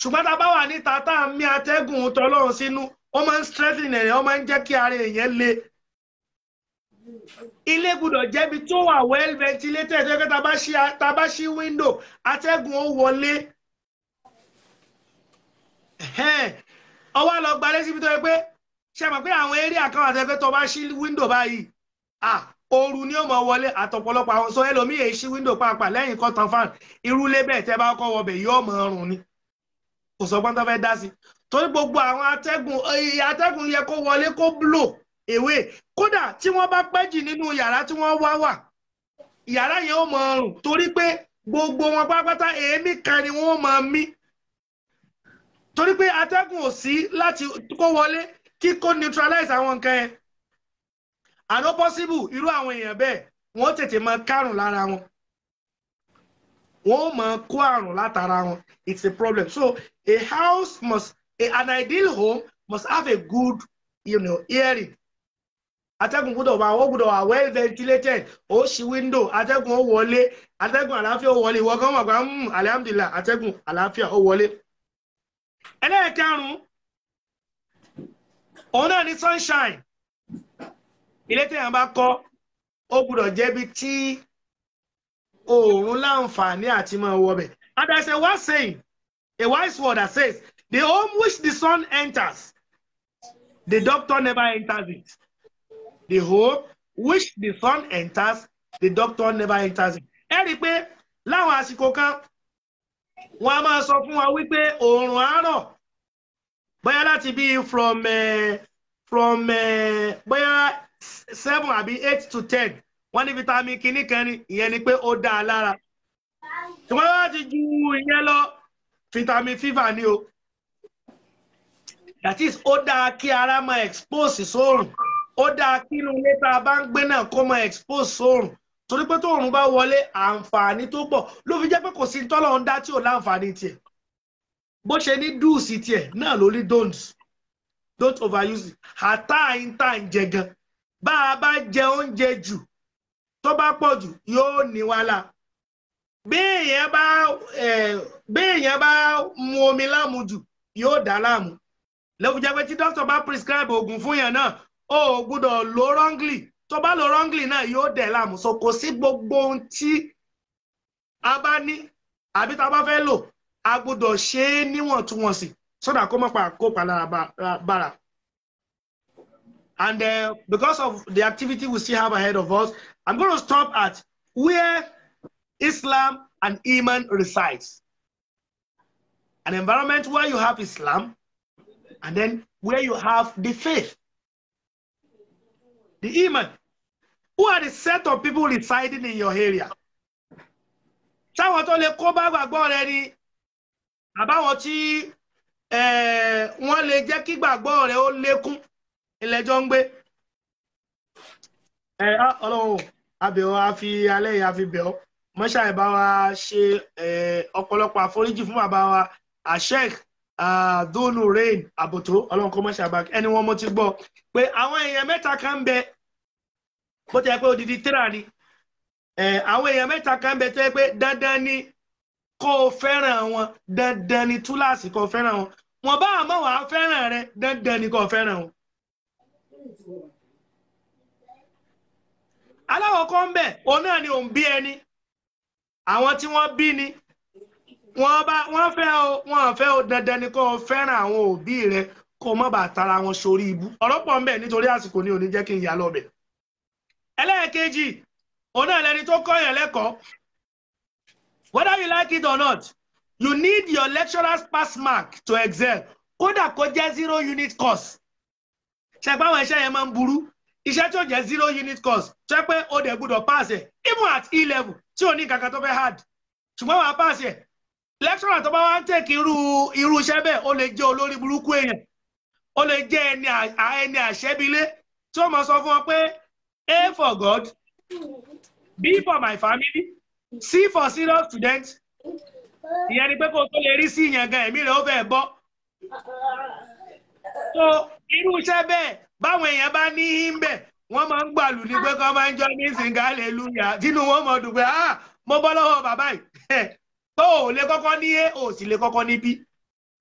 ṣùgbọ́n tá a bá wà níta tá a mí atẹ́gùn tọlọ́run sínú ó máa ń strengthen ẹ̀yàn ó máa ń jẹ́ kí ara èèyàn le ilé gbọ́dọ̀ jẹ́bi tó wà well ventilated ẹgbẹ́ tá a bá ṣí window atẹ́gùn ó wọlé ọwọ́ lọ gbalẹ̀ síbi tó yẹ pé ṣe mọ̀ pé àwọn area kan àtẹ́fẹ́ tó bá ṣí window báyìí ah ooru ni ó mọ̀ wọlé àtọ̀pọ̀lọpọ̀ àwọn sọ ẹlòmíì ṣí window pàápàá lẹ́yìn kan tan fan irú lébẹ̀ tẹ́ bá kọ́ wọbẹ̀ yóò mọ̀ ọrùn ni kò sọgbọ́n tó fẹ́ dá sí torí gbogbo àwọn atẹ́gùn atẹ́gùn yẹ kó wọlé kó blow away kódà tí wọ́n bá pẹ́ jì nínú yàrá tí wọ́n wá wà yàrá yẹn ó mọ ọrùn torí pé gbogbo wọn pátápátá èémí kan ni wọ́n máa mí torí pé atẹ́gùn ò sí láti kó wọlé kí kó neutralize àwọn nǹkan yẹn àná possible irú àwọn èèyàn bẹ́ẹ̀ wọ́n tètè máa kárùn lára wọn wọ́n ma kó àrùn látara wọn it's a problem so a house must a, an ideal home must have a good you know, hearing Ategun gbọ́dọ̀ wà ó gbọ́dọ̀ wà well ventilated ó shi windo Ategun ó wọlé Ategun àlàáfíà ó wọlé ìwọ gan wà gbà Ategun Alaafia o àlàáfíà ó wọlé. ẹlẹ́ẹ̀karùn-ún òun náà ni sunshine ilé tí yàrá bá kọ́ ó gbọ́dọ̀ jẹ́ bí tí oòrùn láǹfààní àti máa wọ bẹ̀. and there is a wise saying a wise word that says the home which the sun enters the doctor never enters it the home which the sun enters the doctor never enters it. ẹ rí i pé láwọn àsìkò kan wọ́n a máa sọ fún wa wípé oòrùn àárọ̀ bóyá láti bí from uh, from uh, bóyá seven àbí eight to ten wọ́n ní vitamin kìíní kan ìyẹn ni pé ó dáa lára ṣùgbọ́n wọ́n ti ju ìyẹn lọ vitamin fever ni o that is ó dáa kí ara máa expose sóòrùn ó dáa kí inú ilé tá a bá ń gbé náà kó máa expose sóòrùn torí pé tóòrùn bá wọlé àǹfààní tó pọ̀ ló fi jẹ́ pé kò sí tọ́lọ̀ ń dá tí ò láǹfààní tiẹ̀ bó ṣe ní dùùsì tiẹ̀ náà ló ní don't don't overuse it àtà ìta ìjẹ gan bá a bá jẹ oúnjẹ jù tó bá pọ̀ jù yóò ní wàhálà béèyàn bá bá mu omi láàmú jù yóò dá láàmú lẹ́kùjẹ́ pé tí dókítà bá prescribe oògùn fún yàn náà o gbúdọ̀ lo wrongly tó bá lo wrongly náà yóò dẹ̀ láàmú so kò sí gbogbo ohun tí a bá ní àbí tá a bá fẹ́ lò a gbúdọ̀ ṣe é níwọ̀ntúnwọ̀nsì sọ́dà kó má pa kópa lára bára. And uh, because of the activity we still have ahead of us, I'm going to stop at where Islam and Iman resides. An environment where you have Islam and then where you have the faith, the Iman. Who are the set of people residing in your area? ẹ ọlọ́run abẹ́ọ́ a fi alẹ́ yìí a fi bẹ̀ ọ́ mọ́ṣá ẹ̀ bá wa ṣe ọ̀pọ̀lọpọ̀ àforíjì fún bàbá wa àṣẹ́k dóòlù rain aboto. ọlọ́run kó mọ́ṣá bá ẹni wọn mo ti gbọ́ pé àwọn èèyàn mẹ́ta kan ń bẹ bó ti yẹ pé odidi tíra ni àwọn èèyàn mẹ́ta kan ń bẹ tó yẹ pé dandan ni kó o fẹ́ràn wọn dandan ni túláàsì kó o fẹ́ràn wọn wọn bá àmọ́ wàá fẹ́ràn rẹ dandan ni kó o fẹ́ràn wọn aláwọ̀kọ́ ń bẹ̀ òun náà ni òun bí ẹni àwọn tí wọ́n bí ni wọ́n bá wọ́n fẹ́ o wọ́n fẹ́ o dandan ni kó o fẹ́ràn àwọn òbí rẹ kó o má tara wọn sórí ibú ọ̀rọ̀ pọ̀ ń bẹ̀ nítorí àsìkò ni òní jẹ́ kí n yà lọ bẹ̀. ẹlẹ́ẹ̀kejì òun náà lẹni tó kọ́ yẹn lẹ́kọ̀ọ́ whether you like it or not you need your lecturer's pass mark to excel kódà kó jẹ́ zero unit course ṣẹ̀gbọ́n àwọn iṣẹ́ yẹn máa ń burú iṣẹ́ tí ó jẹ́ zero unit course tó yẹ pé ó dẹ̀ gbúdọ̀ pass even at e level tí ò ní kankan tó fẹ́ hard ṣùgbọ́n wàá pass ẹ̀ lecturer tó bá wá ń tèkì irú irú iṣẹ́ bẹ́ẹ̀ ó lè jẹ́ olórí burúkú èèyàn ó lè jẹ́ ẹni ẹni àṣẹ́bílé tí ó máa sọ fún wọn pé A for God B for my family C for serious student ìyẹn ni pé kó o tó lè rí sí ìyẹn gan ẹ̀mí rẹ̀ ó fẹ́ bọ́ so irú iṣẹ́ bẹ́ẹ̀ báwọn èèyàn bá ní í ń bẹ̀ wọ́n máa ń gbàlù ní pé kí wọ́n máa ń jọ ní sìnkà aleluya tínú wọn mọ̀ dùn ah mo bọ́ lọ́wọ́ bàbá yìí tó ò lè kọ́kọ́ ní a ò sì lè kọ́kọ́ ní b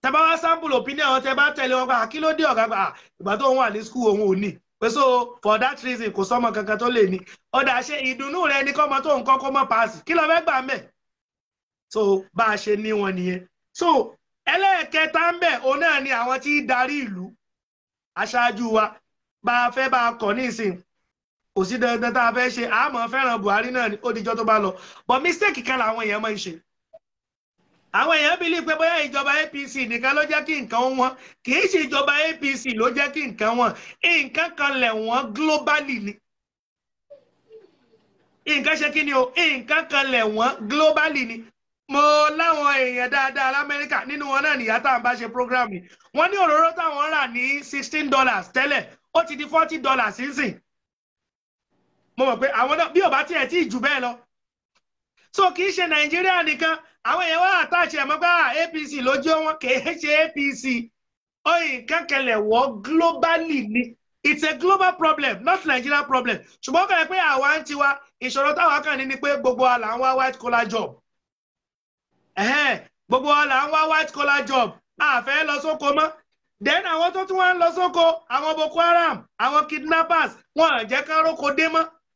tẹ́ wá sample opinion àwọn bá tẹ̀lé wọn pa ah, kí ló dé ọ̀gá pa ah, ìgbà tó ń wà ní school òun ò ní pé so for that reason kò sọmọ kankan tó lè ní ọ̀dà ṣe ìdùnnú rẹ ní kọ́mọ tó ń kọ́kọ́ mọ́ paasi kí ló fẹ́ gbà mẹ́ so bá a ṣe ní wọn nìyẹn so ẹlẹ́ẹ̀kẹta ń bẹ̀ òun náà ni àwọn tí ń darí ìlú aṣáájú wa bá a fẹ́ bá a kọ̀ ní ìsìn kò sí dandan tá a fẹ́ ṣe àmọ́ fẹ́ràn Buhari náà ni ó dijọ́ tó bá lọ but mistake kan làwọn èèyàn máa ń ṣe àwọn èèyàn bí lè pé bóyá ìjọba APC nìkan ló jẹ́ kí nǹkan wọn kì í ṣe ìjọba APC ló jẹ́ kí nǹkan wọn nǹkan kan lẹ̀ wọ́n globally ni nǹkan ṣe kí ni o nǹkan kan lẹ̀ wọ́n globally ni mo láwọn èèyàn dáadáa lamẹ́ríkà nínú wọn náà nìyá tá à ń bá ṣe program ni wọ́n ní òróró táwọn rà ní sixteen dollars tẹ́lẹ̀ ó ti di forty dollars sínsìn mo mọ̀ pé àwọn náà bí ò bá tiẹ̀ tí ì jù bẹ́ẹ̀ lọ so kì í ṣe nàìjíríà nìkan àwọn èèyàn wá àtàṣe ẹ̀ mọ́gbà apc ah, lójú wọn kì í ṣe apc oyin kankanlẹ̀ wọ́ globally ni it's a global problem not Nigeria problem ṣùgbọ́n kàn pé àwa ń tiwa ìṣòro táwa kàn ní ni pé gbogbo wa là ń wá white collar job gbogbo wa là ń wá white collar job a fẹ́ lọ sóko mọ́ then àwọn tó tún wá ń lọ àwọn boko haram àwọn kidnappers wọn à jẹ́ ká roko dé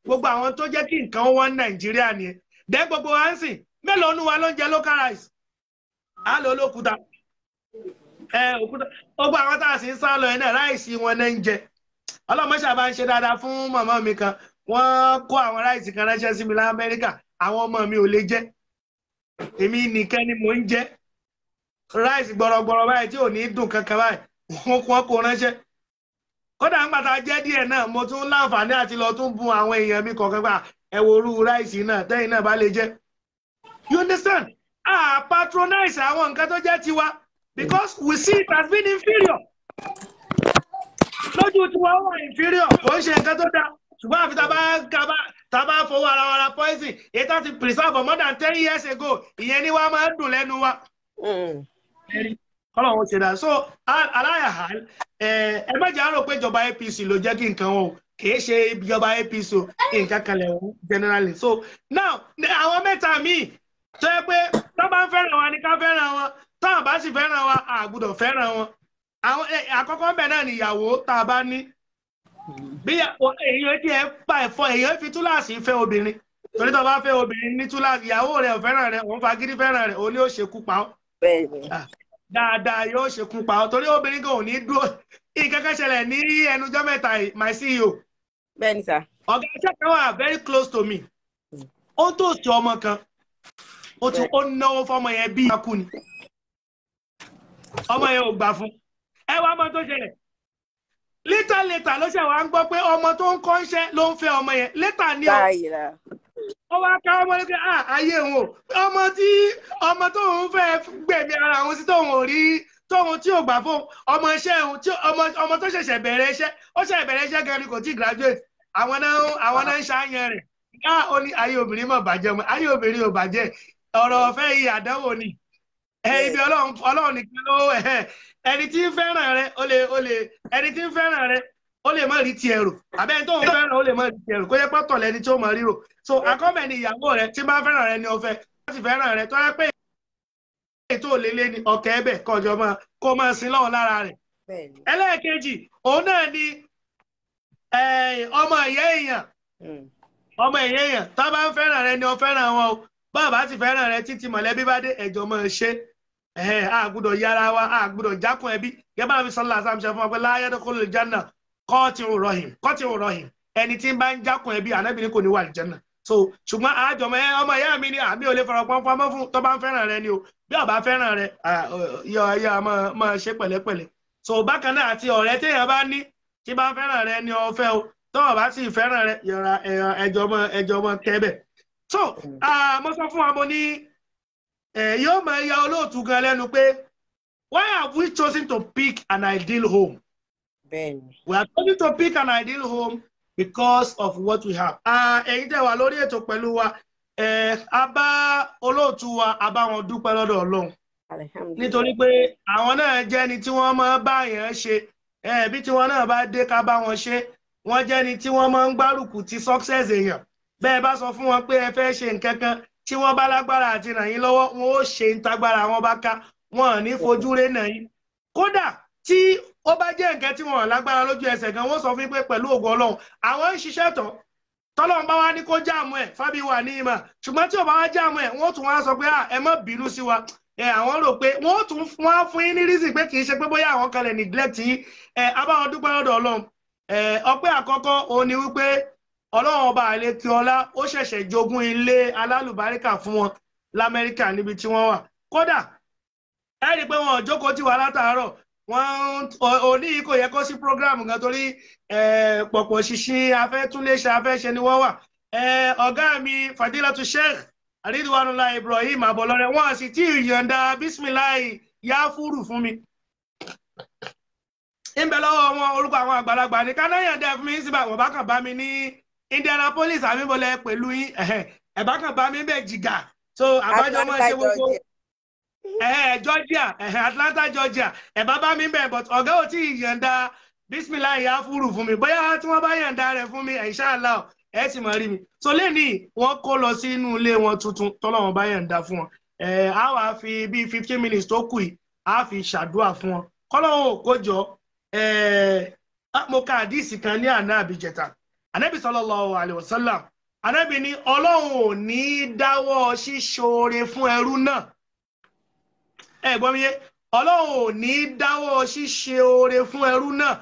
gbogbo àwọn tó jẹ́ kí nǹkan wọn nàìjíríà nìyẹn then gbogbo wa ń sìn mélòó nu wa ló ń jẹ local rice á lọ lókúta ẹ gbogbo àwọn tá a sì ń sá lọ yẹn náà ráìsì wọn náà ń jẹ ọlọ́mọṣà bá ń ṣe dáadáa fún màmá mi kan kó àwọn ráìsì mi lá àwọn wọn kọ́ kó ránṣẹ́ kódà ń gbàtà jẹ́ díẹ̀ náà mo tún láǹfààní àti lọ tún bun àwọn èèyàn mi kọ̀ọ̀kan gbà ẹ wo orú ráìsì náà tẹ́yìn náà bá lè jẹ́ you understand ah patronize àwọn nǹkan tó jẹ́ tiwa because we see it as being inferior lójú tiwa ó wà inferior kò ń ṣe nǹkan tó dáa ṣùgbọ́n àfi tá a bá tá bá fowó ara wa ra poison èyí tá ti preserve for more than ten years ago ìyẹn ni wàá máa ń dùn lẹ́nu wa. Hmm kọ́lọ̀ ṣe dáa so aláyàhá ẹ mẹ́jọ àárò pé ìjọba APC ló jẹ́ kí nǹkan wọn o kìí ṣe ìjọba APC o nǹkan kalẹ̀ wọn generally so now àwọn mẹ́ta míì tó yẹ pé tó bá ń fẹ́ràn wa ni ká fẹ́ràn wọn tó àbá sì fẹ́ràn wa àgùdọ̀ fẹ́ràn wọn àwọn àkọ́kọ́ bẹ̀ náà nìyàwó tá a bá ní bí èèyàn ti ẹ̀ pa ẹ̀fọ́ èèyàn fi túláàsì fẹ́ obìnrin torí tó bá fẹ́ obìnrin ní túláàsì ìyàwó rẹ̀ ò fẹ́ràn rẹ̀ òun fagídí fẹ́ràn rẹ̀ òun ni ó ṣekú pa ọ́. dáadáa yóò ṣekún pa ọ torí obìnrin kan ò ní dúró nǹkan ṣẹlẹ̀ ní my CEO. bẹ́ẹ̀ni sá. ọ̀gá very close to me ó tó sí ọmọ kan ó ti ó náwó fọmọ yẹn bí ni ọmọ yẹn ò gbà fún ẹ ọmọ tó ṣẹlẹ̀ lítà lẹ́tà ló ṣe wá ń ọmọ tó ń kọ́ iṣẹ́ ló ń fẹ́ ọmọ ó wá ká ọmọ lókè à ah, ayé òun o ọmọ tí ọmọ tóun fẹ́ gbẹ̀mí ara òun sí tóun ò rí tóun tí ò gbà fún ọmọ iṣẹ́ òun tí ọmọ tó ṣẹ̀ṣẹ̀ bẹ̀rẹ̀ iṣẹ́ ó ṣẹ̀ṣẹ̀ bẹ̀rẹ̀ iṣẹ́ gan ni kò tí graduate àwọn náà àwọn náà ń ṣàyàn rẹ̀ ká ó ní ayé obìnrin mọ̀ bàjẹ́ mọ́ ayé obìnrin ò bàjẹ́ ọ̀rọ̀ ọ̀fẹ́ yìí àdánwò ni ibi ọlọ́run nìkan ló ẹni tí ń fẹ́ràn rẹ ó lè ó lè ẹni tí ń fẹ́ràn rẹ ó lè má rí ti ẹrù àbẹ́ tó ń fẹ́ràn ó lè má rí ti ẹrù kó yẹ pé tọ̀lẹ́ ni tí ó máa ríro so akọ́mẹ̀ ni ìyàwó rẹ tí bá fẹ́ràn rẹ ni ọ̀fẹ́ láti fẹ́ràn rẹ tó yẹ pé ètò òlélé ni ọ̀kẹ́ ẹ̀bẹ̀ kọjọ máa kó máa sin lọ́wọ́ lára rẹ̀ ẹlẹ́ẹ̀kejì òun náà ni eh, ọmọ ìyá èèyàn hmm. ọmọ ìyá èèyàn tá bá ń fẹ́ràn rẹ ni ọ fẹ́ràn wọn o bàbá ti fẹ́ràn rẹ títí mọ̀lẹ́bí bá dé ẹ̀jọ̀ máa ṣe àgùdọ̀ yára wa àgùdọ̀ jákun ẹbí gẹ́gẹ́ bá mi sọ́lá sáà mi ṣe fún wa pé láyé tó lè jẹ́ náà kọtị ụrọ kọ́ọ̀tì kọtị ẹni tí ń bá ń jákun ẹbí ànábì ni wà so ṣùgbọ́n àjọmọ ọmọ mi ni àmì ò lè fọ̀rọ̀ fún bá ń rẹ ni o bí ọba fẹ́ràn rẹ yọ ya ma ṣe pẹ̀lẹ́pẹ̀lẹ́ so bákan náà àti ọ̀rẹ́ téèyàn bá ní tí bá ń rẹ ni o tó ọba sì fẹ́ràn rẹ yọra mọ Bẹ́ẹ̀ni. We are going to pick an ideal home because of what we have. Ẹ̀yin tẹ́ wà lórí ètò pẹ̀lú wa, a bá olóòtú wa, a bá wọn dúpẹ́ lọ́dọ̀ Ọlọ́run. Nítorí pé àwọn náà jẹ́ ẹni tí wọ́n máa bá yẹn ṣe, bí tí wọ́n náà bá dé ká bá wọn ṣe, wọ́n jẹ́ ẹni tí wọ́n máa ń gbárùkù ti success èèyàn. Bẹ́ẹ̀ bá sọ fún wọn pé ẹ fẹ́ ṣe nǹkan kan tí wọ́n bá lágbára àti ràn yín lọ́wọ́, wọn ó ṣe ń tagbára wọn bá ká, wọn ò ní fojú ré nà ó bá jẹ́ nǹkan tí wọ́n lágbára lójú ẹsẹ̀ gan wọ́n sọ fún pé pẹ̀lú ògùn ọlọ́run àwọn ń ṣiṣẹ́ tán tọ́lọ́run bá wá ní kó jáàmù ẹ̀ fábí wà ní ìmọ̀ ṣùgbọ́n tí ò bá wá jáàmù ẹ̀ wọ́n tún wá sọ pé ẹ má bínú sí wa ẹ àwọn rò pé wọ́n tún wá fún yín ní reason pé kì í ṣe pé bóyá àwọn kan neglect yín ẹ abáwọn dúpẹ́ lọ́dọ̀ ọlọ́run ẹ ọpẹ́ àkọ́kọ́ òun ni wípé ọlọ́run ọba àlekí ọlá ó ṣẹ̀ṣẹ̀ jogún ilé alálùbáríkà fún wọn lamẹ́ríkà níbi tí wọ́n wà kódà ẹ rí i pé wọn ò jókòó tì wá látàárọ̀ wọ́n òní kò yẹ kó sí program gan torí pọ̀pọ̀ ṣìṣin afẹ́túnléṣe afẹ́ṣe ni wọ́n wà ọ̀gá mi fadilatu sheikh aridiwanula ibrahim abọlọrẹ wọ́n sì tí ì yọ̀ǹda bisimilayi yafuru fún mi ńbẹ lọ́wọ́ wọn orúkọ àwọn àgbàlagbà ní kánáyàn dẹ fún mi síbà wọ́n bá kàn bá mi ní indianapolis àmì bọlẹ pẹ̀lú yín ẹ̀bá kàn bá mi bẹ jìgà so àbájọ máa ṣe gbogbo. Eh, eh, Georgia eh, Atlanta Georgia ẹ bá bá mi bẹ̀ but ọ̀gá ò tí ì yọ̀ǹda bisimilayi ya fúru fún mi bóyá tí wọ́n bá yọ̀ǹda rẹ̀ fún mi inshallah ẹ sì máa rí mi so lẹ́nìí wọ́n kó lọ sí inú ilé wọn tuntun tọ́lọ́wọ́n bá yọ̀ǹda fún wọn a wàá fi bíi fifteen minutes tó kù yìí a fi ṣàdúrà fún wọn kọ́lọ́wọ́n ò kójọ mo ka àdìsí kan ní àná àbíjẹta ànábì sallallahu alaihi wasallam ànábì ni ọlọ́run ò ní dáwọ́ ṣíṣoore fún ẹrú ẹ gbọ́ mi yé ọlọ́run ò ní dáwọ́ ṣíṣe oore fún ẹrú náà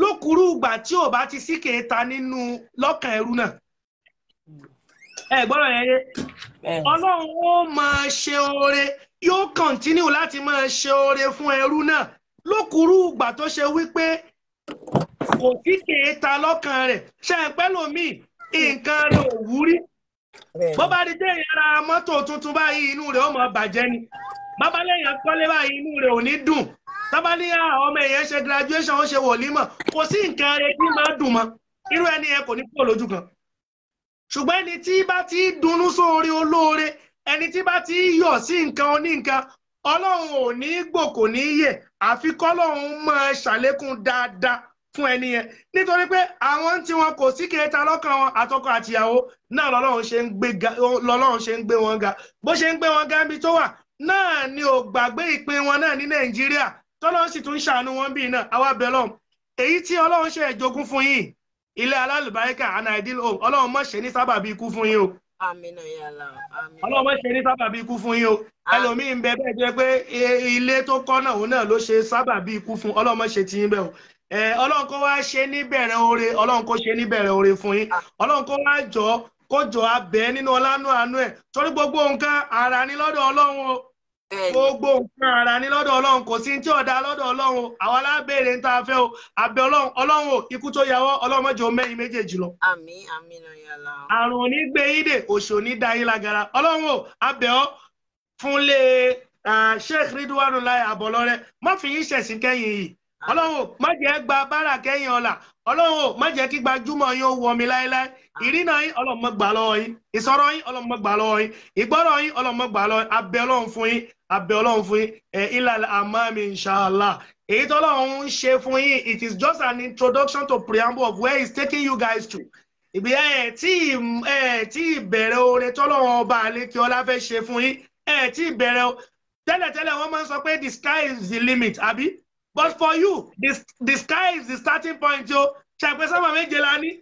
lókùrú ìgbà tí ò bá ti sí kèéta nínú lọ́kàn ẹrú náà ẹ gbọ́dọ̀ yẹn yé ọlọ́run ó máa ṣe oore yóò kọ̀ntínú láti máa ṣe oore fún ẹrú náà lókùrú ìgbà tó ṣe wípé kò sí kèéta lọ́kàn rẹ̀ ṣe é pẹ́ nǹkan rẹ̀ ò wúrí bó bá rí déyìn ara mọ́tò tuntun báyìí inú rẹ̀ ó mọ̀ bàjẹ́ ni bàbá lẹ́yìn kọ́lé báyìí inú rẹ̀ ò ní dùn tọ́ba ah, ọmọ èèyàn ṣe graduation ó ṣe wòlímọ̀ kò sí nǹkan etí máa dùn mọ́ irú ẹni yẹn kò ní kúrò lójú kan ṣùgbọ́n ẹni tí bá ti dunnú sóore olóore ẹni tí bá ti yọ̀ sí nǹkan oníǹkan ọlọ́run ò ní gbò ní yẹ àfi kọ́lọ́run máa ṣàlékún dáadáa fún ẹni yẹn nítorí pé àwọn tí wọn kò sí kẹta lọ́kàn wọn àtọkọ àtìyàwó náà lọ́lọ́run ṣe ń gbé ga lọ́lọ́run ṣe ń gbé wọn ga bó ṣe ń gbé wọn ga níbi tó wà náà ni ò gbàgbé ìpín wọn náà ní nàìjíríà tọ́lọ́run sì tún ṣàánú wọn bíi náà àwa bẹ̀ lọ́hùn èyí tí ọlọ́run ṣe ìjogún fún yín ilé alálùbáríkà and ideal home ọlọ́run mọ̀ ṣe ní sábàbí ikú fún yín o ọlọ́run mọ̀ ṣe ní sábàbí ikú fún yín o ẹlòmíín bẹ bẹ́ẹ̀ jẹ́ pé ilé tó kọ́ náà òun náà ló ṣe sábàbí ikú fún ọlọ́run mọ̀ ṣe tiyín bẹ́ẹ̀ o ọlọ́run kó wá ṣe níbẹ̀rẹ̀ oore ọlọ́run kó ṣe níbẹ̀rẹ̀ oore fún yín ọlọ́run kó wá jọ kó jọ abẹ nínú ọlánú àánú ẹ̀ torí gbogbo nǹkan ara ni lọ́dọ̀ ọlọ́run o gbogbo nǹkan ara ni lọ́dọ̀ ọlọ́run kò sí ní tí ọ̀dà lọ́dọ̀ ọlọ́run o àwa lábẹ́rẹ́ níta fẹ́ o abẹ ọlọ́run ọlọ́run o ikú tó yàwọ́ ọlọ́run mọ́jọ mẹ́yìn méjèèjì lọ. àrùn ní gbé yín dè ní da yín lágara ọlọ́run o abẹ ọ fúnlé Sheikh Ridwanullah Abọ́lọ́rẹ́ má fi yín ṣẹ̀sìn kẹ́yìn yìí ọlọ́run ò má jẹ́ gba bára kẹ́yìn ọ̀la ọlọ́run ò má jẹ́ kí gbajúmọ̀ yín ó wọ mi láéláé ìrìnà yín ọlọ́mọ gbà lọ́wọ́ yín ìsọ̀rọ̀ yín ọlọ́mọ gbà lọ́wọ́ yín ìgbọ́rọ̀ yín ọlọ́mọ gbà lọ́wọ́ yín abẹ́ ọlọ́run fún yín abẹ́ ọlọ́run fún yín ilà àmàmì inṣàlá èyí tó ọlọ́run ń ṣe fún yín it is just an introduction to preamble of where he is taking you guys to ìbí ẹ̀ tí ìbẹ̀rẹ̀ oore tọ́lọ́run ọba àlékiọlá fẹ́ ṣe fún yín ẹ̀ tí ìbẹ̀rẹ̀ tẹ́lẹ̀tẹ́lẹ̀ wọ́n máa ń sọ pé the sky is the limit àbí but for you this the sky is the starting point o ṣàpẹ sábà méje la ní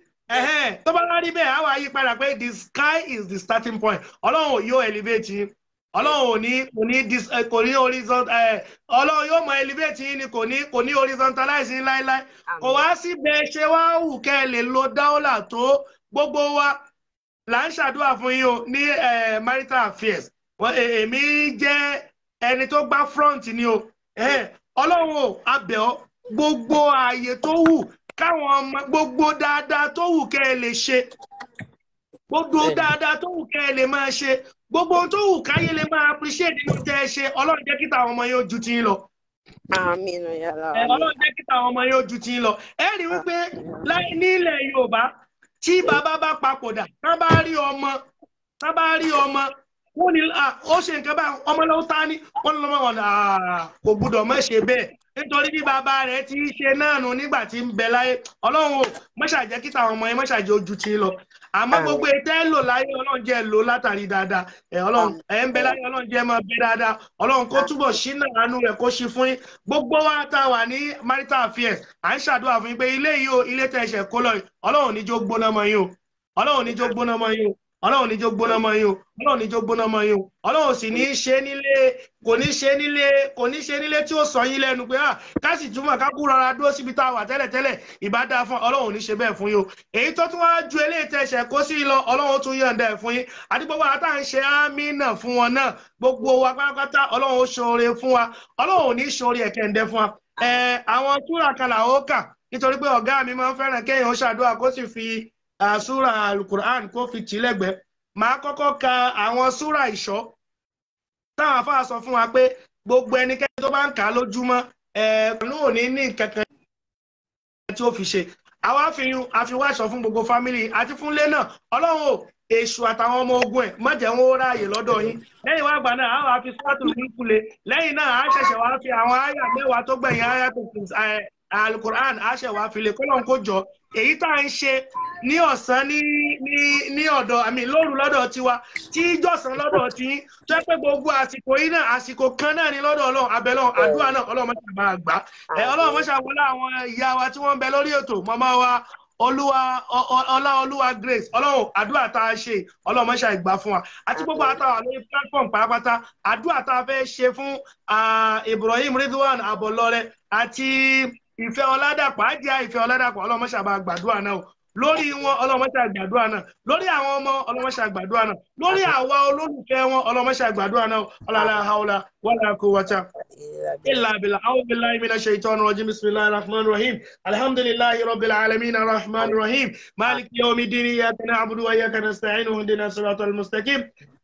tó bá rárí bẹ́ẹ̀ á wá yí padà pé the sky is the starting point ọlọ́run ò yóò elevate yín ọlọ́run ò ní kò ní eh, kò ní horizontal eh, ọlọ́run yóò mọ elevate yín ni kò ní kò ní horizontalize yín láéláé kò wá sí bẹ́ẹ̀ ṣe wá wù kẹ́ ẹ lè lo dáólà tó gbogbo wa là ń ṣàdúrà fún yín o ní eh, marital affairs èmi jẹ́ ẹni tó gbá front ni o ọlọ́run abẹ́ ọ gbogbo ààyè tó wù káwọn ọmọ gbogbo dáadáa tó wù kẹ́ ẹ lè ṣe gbogbo dáadáa tó wù kẹ́ ẹ lè máa ṣe gbogbo tó wù káyé lè máa appreciate nínú tẹ́ ẹ ṣe ọlọ́run jẹ́ kíta àwọn ọmọ yóò ju ti ń lọ. àmín yàrá ọlọ́run jẹ́ kíta àwọn ọmọ yóò ju ti ń lọ ẹ rí wípé nílẹ̀ yorùbá tí bàbá bá papòdà tá bá rí ọmọ tá bá rí ọmọ wọ́n ní ah, ó ṣe nǹkan báyìí ọmọ lọ́wọ́ ta ni wọ́n lọ́mọ wọn ah, kò gbúdọ̀ mọ̀ ṣe bẹ́ẹ̀ nítorí bí bàbá rẹ̀ ti ṣe náà nù nígbà tí ń bẹ láyé ọlọ́run o mọ́ṣàjẹ́ kí táwọn ọmọ yẹn mọ́ṣàjẹ́ ojú ti lọ àmọ́ gbogbo ètò ẹ̀ lò láyé ọlọ́run jẹ́ lò látàrí dáadáa ẹ̀ ọlọ́run ẹ̀ ń bẹ láyé ọlọ́run jẹ́ máa bẹ dáadáa ọlọ́run kó túbọ̀ ṣí náà àánú rẹ̀ kó ṣí fún yín gbogbo wa tá a wà ní marital affairs à ń ṣàdúrà fún yín pé ilé yìí o ilé tẹ̀ ṣẹ̀ kó lọ ọlọ́run níjó gbóná mọ́ yín o ọlọ́run níjó gbóná mọ́ yín o ọlọ́run ní jó gbóná mọ́ yín o ọlọ́run ní jó gbóná mọ́ yín o ọlọ́run sì ní í ṣe nílé kò ní ṣe nílé kò ní ṣe nílé tí ó sọ yín lẹ́nu pé ká sì túmọ̀ ká kú rọra dúró síbi tá a wà tẹ́lẹ̀tẹ́lẹ̀ ìbá dáa fún ọlọ́run ní ṣe bẹ́ẹ̀ fún yín o èyí tó tún wá ju eléyìí tẹ̀sẹ̀ kó sí lọ ọlọ́run tún yọ̀ǹda ẹ̀ fún yín àdìgbòwò àtà ń ṣe ámì náà fún wọn náà gbogbo wa pátápátá ọlọ́run ó nítorí pé ọ̀gá mi máa ń fẹ́ràn kéèyàn ṣàdúrà kó sì fi súra alukur'an kó fi tì lẹ́gbẹ̀ẹ́ màá kọ́kọ́ ka àwọn súra ìṣọ́ táwọn afáà sọ fún wa pé gbogbo ẹnikẹ́ni tó bá ń kà á lójúmọ́ ẹ̀ẹ́dùn ò ní ní kankan tí ó fi ṣe àwa àfihàn àfiwáṣọ fún gbogbo fámìlì àti fúnlé náà ọlọ́run ò èṣù àtàwọn ọmọ ogun ẹ̀ má jẹ́ wọn ó ráàyè lọ́dọ̀ yín lẹ́yìn wá gbà náà àwọn àfi sọ́ọ̀tù ní kule lẹ́yìn náà a ṣẹ̀ṣẹ̀ wá fi àwọn àyà mẹ́wàá tó gbẹ̀yìn àyà alukur'an a ṣẹ̀ wá fi lè e. kọ́lọ́n kó jọ èyí tá à ń ṣe ní ọ̀sán ní ní ní ọ̀dọ̀ àmì lóru lọ́dọ̀ tiwa tí jọ̀sán lọ́dọ̀ tí tó pé gbogbo àsìkò yìí náà àsìkò kan náà ni lọ́dọ̀ ọlọ́run abẹ́lọ́ àdúrà náà ọlọ́run mọ́ṣá máa gbà ẹ ọlọ́run mọ́ṣá wọlé àwọn ìyá wa tí wọ́n ń bẹ lórí ètò màmá wa olúwa ọlá olúwa grace ọlọ́run àdúrà tá a ṣe ọlọ́run mọ́ṣá ìgbà fún wa àti gbogbo àtàwà lórí platform pàápàá àdúrà tá a fẹ́ ṣe fún Ibrahim Ridwan abọlọrẹ àti ìfẹ́ ọládàpọ̀ ájá ìfẹ́ ọládàpọ̀ ọlọ́mọṣàbà gbàdúrà náà o lórí wọn ọlọ́mọṣà gbàdúrà náà lórí àwọn ọmọ ọlọ́mọṣà gbàdúrà náà lórí àwa olólùfẹ́ wọn ọlọ́mọṣà gbàdúrà náà ọlọ́lá haúlá wàlá quwwata illa billah a'udhu billahi minash shaitanir rajim bismillahir rahmanir rahim alhamdulillahi rabbil alamin arrahmanir rahim maliki yawmiddin iyyaka na'budu wa iyyaka nasta'in ihdinas siratal mustaqim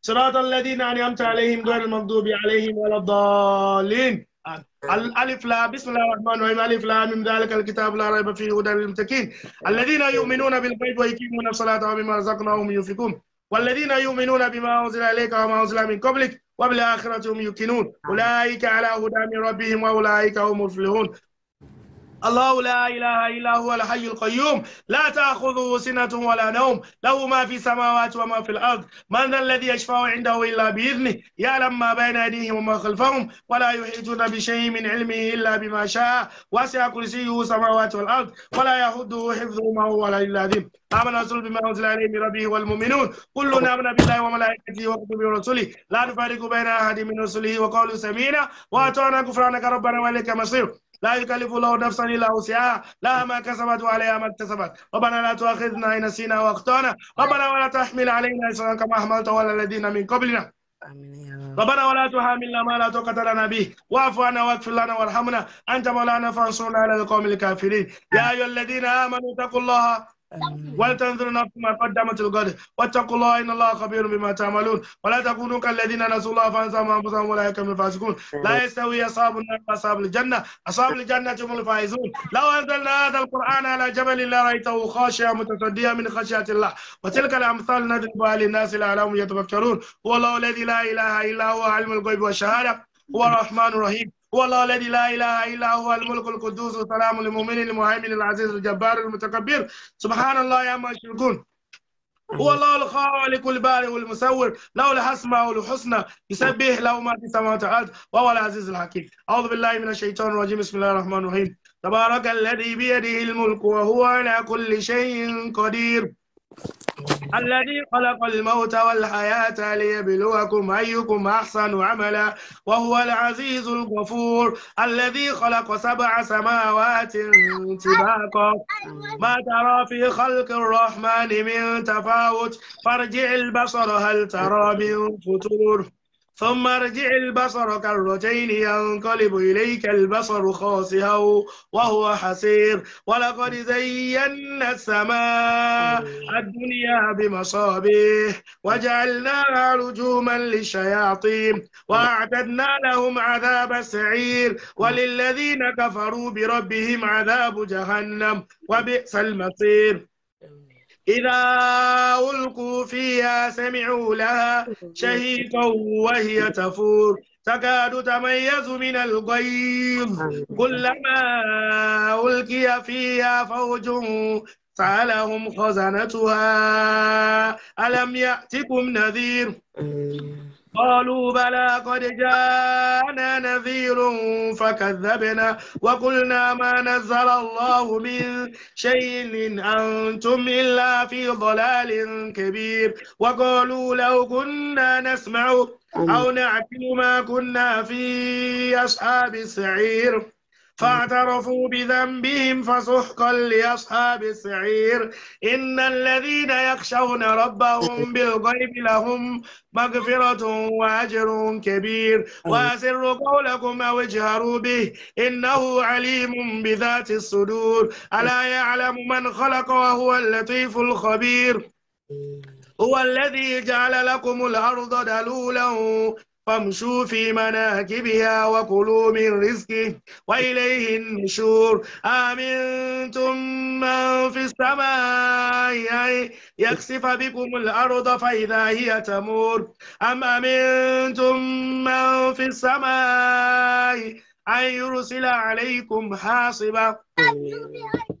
siratal ladina an'amta alaihim ghayril maghdubi alaihim waladdallin الالف لا بسم الله الرحمن الرحيم الف لا من ذلك الكتاب لا ريب فيه هدى للمتقين الذين يؤمنون بالغيب ويقيمون الصلاه ومما رزقناهم ينفقون والذين يؤمنون بما انزل اليك وما انزل من قبلك وبالاخره هم يوقنون اولئك على هدى من ربهم واولئك هم المفلحون الله لا إله إلا هو الحي القيوم لا تأخذه سنة ولا نوم له ما في السماوات وما في الأرض من ذا الذي يشفع عنده إلا بإذنه يعلم ما بين أيديهم وما خلفهم ولا يحيطون بشيء من علمه إلا بما شاء وسع كرسيه السماوات والأرض ولا يهده حفظهما ولا إلا العظيم آمن الرسول بما أنزل عليه من ربه والمؤمنون كلنا آمن بالله وملائكته وكتبه ورسله لا نفارق بين أحد من رسله وقالوا سمينا وأطعنا غفرانك ربنا وإليك مصير لا يكلف الله نفسا الا وسعها لا ما كسبت وعليها ما اكتسبت ربنا لا تؤاخذنا ان نسينا واخطانا ربنا ولا تحمل علينا اصرا كما حملت على الذين من قبلنا ربنا ولا تحملنا ما لا طاقة لنا به واعف عنا واغفر لنا وارحمنا انت مولانا فانصرنا على القوم الكافرين يا ايها الذين امنوا اتقوا الله أمم. ولا ولتنظر نفس ما قدمت الغد واتقوا الله ان الله خبير بما تعملون ولا تكونوا كالذين نسوا الله فانساهم انفسهم ولا هم الفاسقون لا أمم. يستوي اصحاب النار واصحاب الجنه اصحاب الجنه هم الفائزون لو انزلنا هذا القران على جبل لرايته خاشعا متصديا من خشيه الله وتلك الامثال نضربها للناس لعلهم يتفكرون هو الله الذي لا اله الا هو علم الغيب والشهاده هو الرحمن الرحيم هو الله الذي لا اله الا هو الملك القدوس السلام المؤمن المهيمن العزيز الجبار المتكبر سبحان الله يا ما يشركون هو الله الخالق البارئ والمصور له الاسماء والحسنى يسبح له ما في السماوات والارض وهو العزيز الحكيم اعوذ بالله من الشيطان الرجيم بسم الله الرحمن الرحيم تبارك الذي بيده الملك وهو على كل شيء قدير الذي خلق الموت والحياة ليبلوكم أيكم أحسن عملا وهو العزيز الغفور الذي خلق سبع سماوات طباقا ما ترى في خلق الرحمن من تفاوت فارجع البصر هل ترى من فطور ثم ارجع البصر كرتين ينقلب إليك البصر خاسئا وهو حسير ولقد زينا السماء الدنيا بمصابيح وجعلناها رجوما للشياطين وأعتدنا لهم عذاب السعير وللذين كفروا بربهم عذاب جهنم وبئس المصير إذا ألقوا فيها سمعوا لها شهيقا وهي تفور تكاد تميز من الغيظ كلما ألقي فيها فوج سألهم خزنتها ألم يأتكم نذير قالوا بلى قد جاءنا نذير فكذبنا وقلنا ما نزل الله من شيء إن أنتم إلا في ضلال كبير وقالوا لو كنا نسمع أو نعقل ما كنا في أصحاب السعير فاعترفوا بذنبهم فسحقا لأصحاب السعير إن الذين يخشون ربهم بالغيب لهم مغفرة وأجر كبير وأسروا قولكم أو اجهروا به إنه عليم بذات الصدور ألا يعلم من خلق وهو اللطيف الخبير هو الذي جعل لكم الأرض دلولا فامشوا في مناكبها وكلوا من رزقه وإليه النشور آمنتم من في السماء يخسف بكم الأرض فإذا هي تمور أم أمنتم من في السماء أن يرسل عليكم حاصبا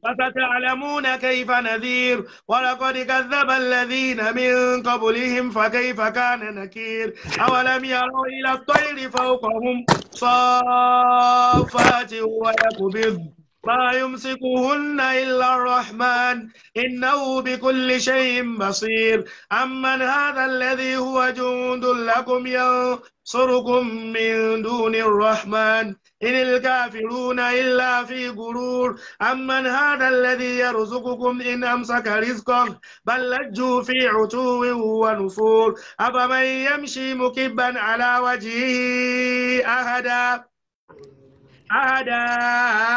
فستعلمون كيف نذير ولقد كذب الذين من قبلهم فكيف كان نكير أولم يروا إلى الطير فوقهم صافات ويقبض ما يمسكهن إلا الرحمن إنه بكل شيء بصير أمن هذا الذي هو جند لكم ينصركم من دون الرحمن إن الكافرون إلا في غرور أمن هذا الذي يرزقكم إن أمسك رزقه بل لجوا في عتو ونفور أفمن يمشي مكبا على وجهه أهدا عاد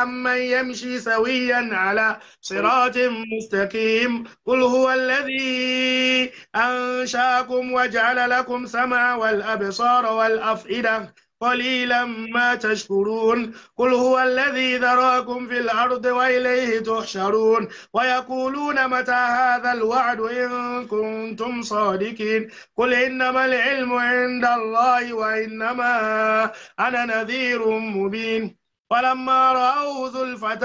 من يمشي سويا على صراط مستقيم قل هو الذي أنشاكم وجعل لكم سمع والأبصار والأفئدة قليلا ما تشكرون قل هو الذي ذراكم في الأرض وإليه تحشرون ويقولون متى هذا الوعد إن كنتم صادقين قل إنما العلم عند الله وإنما أنا نذير مبين فلما رأوا زلفة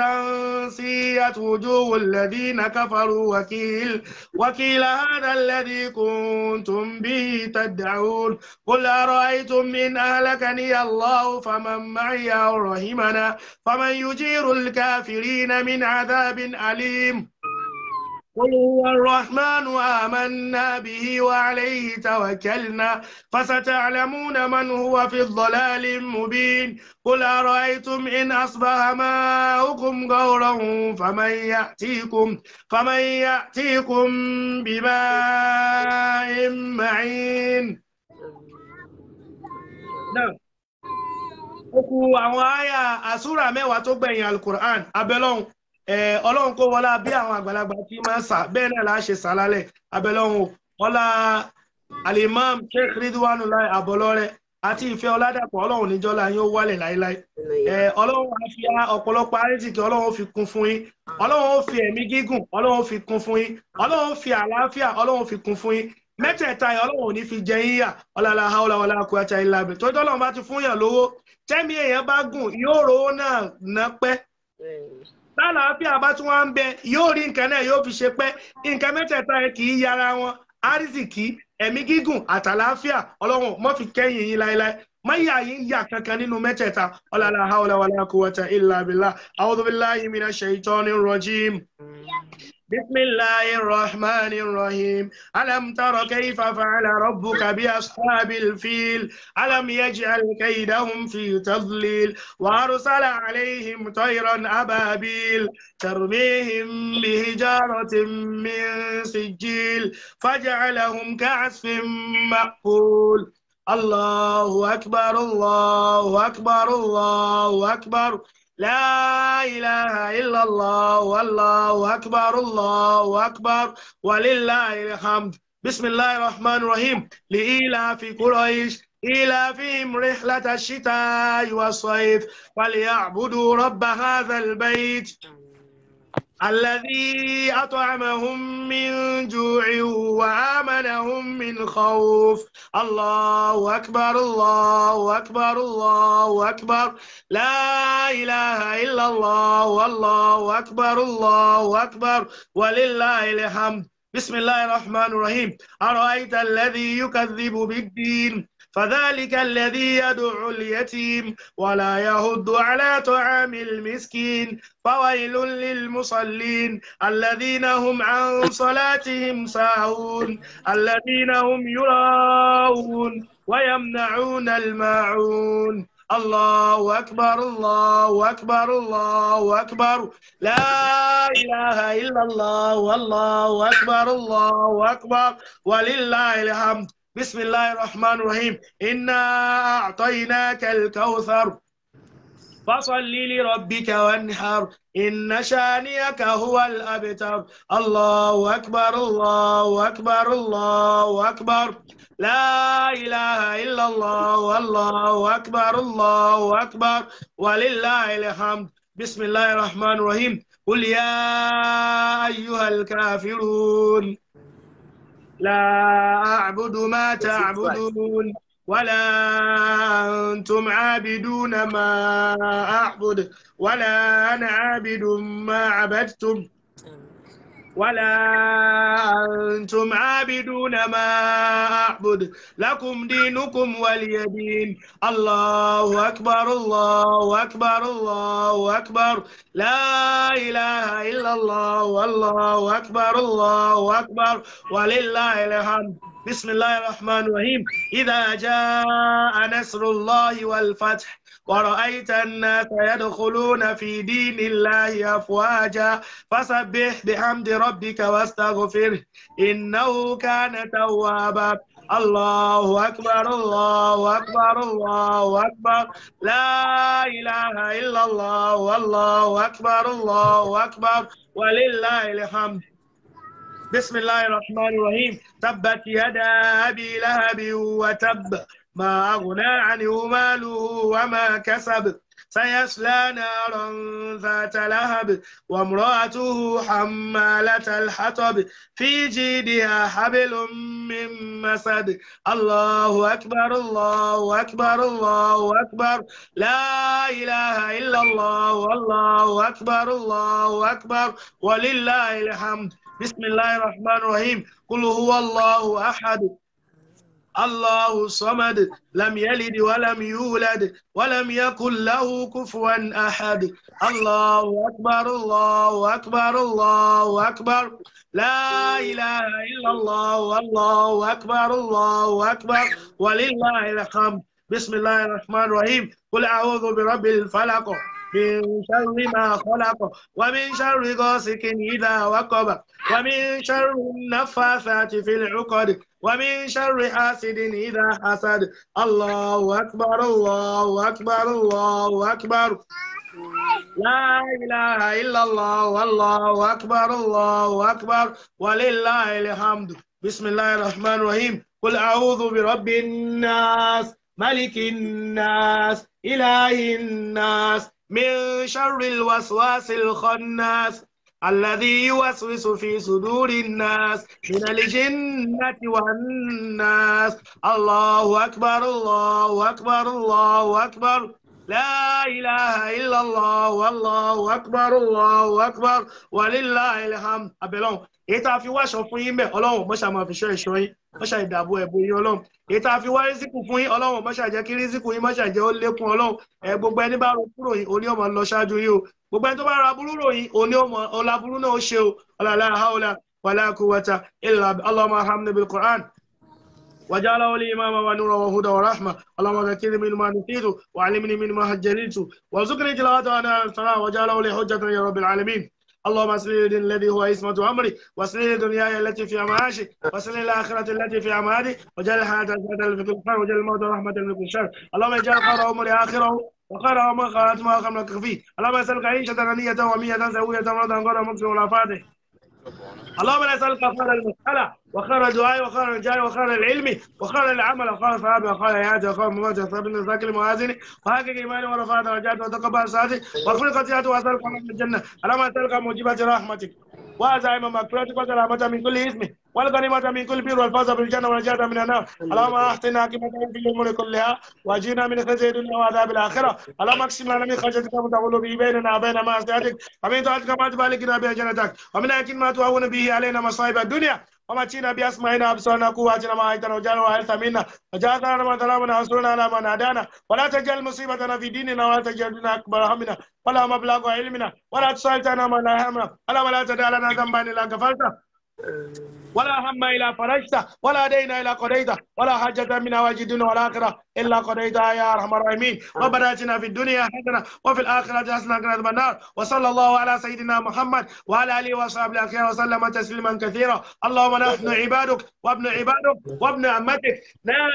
سيئت وجوه الذين كفروا وكيل وكيل هذا الذي كنتم به تدعون قل أرأيتم إن أهلكني الله فمن معي أو رحمنا فمن يجير الكافرين من عذاب أليم قل هو الرحمن آمنا به وعليه توكلنا فستعلمون من هو في الضلال مبين قل أرأيتم إن أصبح ماؤكم غورا فمن يأتيكم فمن يأتيكم بماء معين نعم ó àwọn àyà àsúrà mẹ́wàá tó gbẹ̀yìn alukur'an abẹ́lọ́hùn Eh, ọlọ́run kó wọlá bí àwọn àgbàlagbà tí máa sà bẹ́ẹ̀ náà láṣẹ sàlálẹ̀ abẹ́lọ́run ọlá alimam sheikh ridwanullah abọlọ́rẹ́ àti ìfẹ́ ọládàpọ̀ ọlọ́run níjọ́lá yín wálẹ̀ láéláé eh, ọlọ́run á ọ̀pọ̀lọpọ̀ àrísìkì ọlọ́run fi kun fún yín ọlọ́run ó fi ọlọ́run fi kun fún yín ọlọ́run fi àlàáfíà ọlọ́run fi kun fún yín mẹ́tẹ̀ẹ̀ta ọlọ́run ò ní fi jẹ yóò rówó náà ná lálàáfíà bá tún wá ń bẹ yóò rí nǹkan náà yóò fi ṣe pẹ́ nǹkan mẹ́tẹ̀ẹ̀ta yẹn kì í yára wọn árísìkí ẹ̀mí gígùn àtàlàáfíà ọlọ́run mọ́ fi kẹ́yìn yín láéláé máyà yín yà kankan nínú mẹ́tẹ̀ẹ̀ta ọ̀làlà haúlà wàlà kúwàtà ìlà bìlà a'udhu billahi minash shaitani rajim. بسم الله الرحمن الرحيم ألم تر كيف فعل ربك بأصحاب الفيل ألم يجعل كيدهم في تضليل وأرسل عليهم طيرا أبابيل ترميهم بهجارة من سجيل فجعلهم كعصف مأكول الله أكبر الله أكبر الله أكبر, الله أكبر لا إله إلا الله والله أكبر الله أكبر ولله الحمد بسم الله الرحمن الرحيم لإيلاف قريش إيلافهم رحلة الشتاء والصيف فليعبدوا رب هذا البيت الذي أطعمهم من جوع وآمنهم من خوف الله أكبر الله أكبر الله أكبر لا إله إلا الله والله أكبر الله أكبر ولله الحمد بسم الله الرحمن الرحيم أرأيت الذي يكذب بالدين فذلك الذي يدعو اليتيم ولا يهد على طعام المسكين فويل للمصلين الذين هم عن صلاتهم ساهون الذين هم يراون ويمنعون الماعون الله أكبر الله أكبر الله أكبر لا إله إلا الله والله أكبر الله أكبر ولله الحمد بسم الله الرحمن الرحيم إنا أعطيناك الكوثر فصل لربك وانحر إن شانئك هو الأبتر الله أكبر الله أكبر الله أكبر لا إله إلا الله والله أكبر الله أكبر ولله الحمد بسم الله الرحمن الرحيم قل يا أيها الكافرون لا أعبد ما تعبدون ولا أنتم عابدون ما أعبد ولا أنا عابد ما عبدتم ولا أنتم عابدون ما أعبد لكم دينكم ولي دين الله أكبر الله أكبر الله أكبر لا إله إلا الله والله أكبر الله أكبر ولله الحمد بسم الله الرحمن الرحيم إذا جاء نصر الله والفتح ورأيت الناس يدخلون في دين الله أفواجا فسبح بحمد ربك واستغفره إنه كان توابا الله أكبر الله أكبر الله أكبر لا إله إلا الله والله أكبر الله أكبر ولله الحمد بسم الله الرحمن الرحيم تبت يدا أبي لهب وتب ما أغنى عنه ماله وما كسب سيصلى نارا ذات لهب وامرأته حمالة الحطب في جيدها حبل من مسد الله أكبر الله أكبر الله أكبر لا إله إلا الله والله أكبر الله أكبر ولله الحمد بسم الله الرحمن الرحيم قل هو الله أحد الله صمد لم يلد ولم يولد ولم يكن له كفوا أحد الله أكبر الله أكبر الله أكبر لا إله إلا الله الله أكبر الله أكبر ولله الحمد بسم الله الرحمن الرحيم قل أعوذ برب الفلق من شر ما خلق ومن شر غاسق إذا وقب ومن شر النفاثات في العقد ومن شر حاسد إذا حسد الله أكبر الله أكبر الله أكبر لا إله إلا الله والله أكبر الله أكبر ولله الحمد بسم الله الرحمن الرحيم قل أعوذ برب الناس ملك الناس إله الناس من شر الوسواس الخناس الذي يوسوس في صدور الناس من الجنة والناس الله أكبر الله أكبر الله أكبر لا إله إلا الله والله أكبر الله أكبر ولله الحمد أبلون إذا في واش أفهم ألون مش أما في شيء شوي mọ́ṣà ìdààbò ẹ̀bùn yín ọlọ́run èyí tá a fi wá rísíkù fún yín ọlọ́run mọ́ṣà jẹ́ kí rísíkù yín mọ́ṣà jẹ́ ó lékún ọlọ́run ẹ gbogbo ẹni bá ro kúrò yín òní ọmọ lọ ṣáájú yín o gbogbo ẹni tó bá ra burú ròyìn òní ọmọ ọláburú náà ó ṣe o ọlàlá haula wàlá kúwàtà ìlà allahumma hamna bil ذكرني من ما نسيت وعلمني من ما هجرت وارزقني تلاوة أنا الصلاة وجعله لي حجة يا رب العالمين اللهم اسلل الذي هو عصمة أمري لي دنياي التي فيها معاشي لي الآخرة التي فيها معادي وجعل الحياة زيادة في كل خير وجعل الموت رحمة في كل شر اللهم اجعل خير أمري آخره وخير أمر خاتمه خمر فيه اللهم اسألك عيشة غنية ومية سوية مرضا غير مكسر ولا فاتح اللهم لا اسالك خير المساله وخير الدعاء وخير الجاي وخير العلم وخير العمل وخير الصحابه وخير الحياة وخير مماتي وخير الرزاق الموازين وحقق ايماني ورفع درجاته وتقبل صلاتي وافرق خطيئتي واسالك من الجنه اللهم اسالك موجبات رحمتك وأزعم مغفرتك وسلامة من كل إثم والغنيمة من كل بر والفوز بالجنة والنجاة من النار اللهم أحسن عاقبتنا في الأمور كلها وأجينا من خزي الدنيا وعذاب الآخرة اللهم اقسم لنا من خشيتك ما تقول به بيننا وبين معصيتك ومن طاعتك ما تبالغنا بها جنتك ومن أكل ما تهون به علينا مصائب الدنيا kuma ci na biya suma ina abisuwa na kuwa ci na ma'aita na wajen wa'ayar ta minna a ja tsara na matara mana hasuwa dana wala ta jel musiba ta nafi dini na wala ta jel dina akbar hamina wala ma bilago a ilmina wala ta sa'ita na ma na hamina wala wala ta dala na zamba ni la ولا هم إلى فرجته ولا دين إلى قضيت ولا حاجة من حوائج الدنيا والآخرة إلا قضيت يا أرحم الراحمين ربنا في الدنيا حسنة وفي الآخرة حسنة وقنا عذاب النار وصلى الله على سيدنا محمد وعلى آله وصحبه الأخيار وسلم تسليما كثيرا اللهم نحن عبادك وابن عبادك وابن أمتك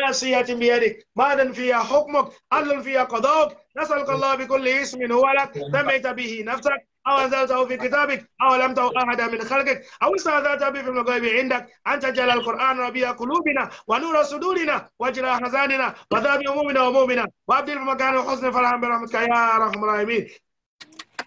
ناصية بيدك ماذا فيها حكمك عدل فيها قضاؤك نسألك الله بكل اسم هو لك سميت به نفسك أو أنزلته في كتابك أو لم تو أحدا من خلقك أو استأذنت به في الغيب عندك أن تجعل القرآن ربيع قلوبنا ونور صدورنا وجل أحزاننا وذهب أمومنا ومؤمنا وأبدل بمكان حسن فرحا برحمتك يا أرحم الراحمين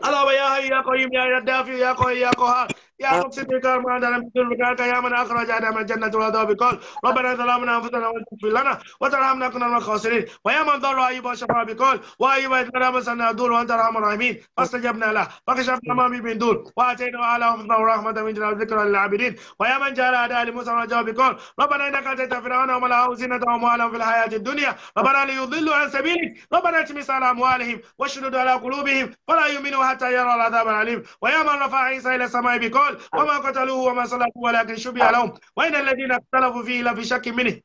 الله يا حي يا قيوم يا دافع يا قوي يا قهار يا مقسم بكرم على بكرك يا من اخرج انا من الجنه وهذا بقول ربنا ظلمنا انفسنا وان تغفر لنا وترحمنا كنا من الخاسرين ويا من ضر ايوب وشفع بقول وايوب اذ لنا مسنا دور وانت ارحم الراحمين فاستجبنا له فكشفنا ما به من دور واتينا اهله حفظا ورحمه من جنة ذكرى للعابدين ويا من جعل اداء لموسى رجاء بقول ربنا انك اتيت فرعون وملأه زينة واموالا في الحياه الدنيا ربنا ليضلوا عن سبيلك ربنا اتمس على اموالهم واشدد على قلوبهم فلا يؤمنوا حتى يروا العذاب الاليم ويا من رفع عيسى الى السماء بقول يقول وما قتلوه وما صلبوه ولكن شبه لهم وإن الذين اختلفوا فيه لا في شك منه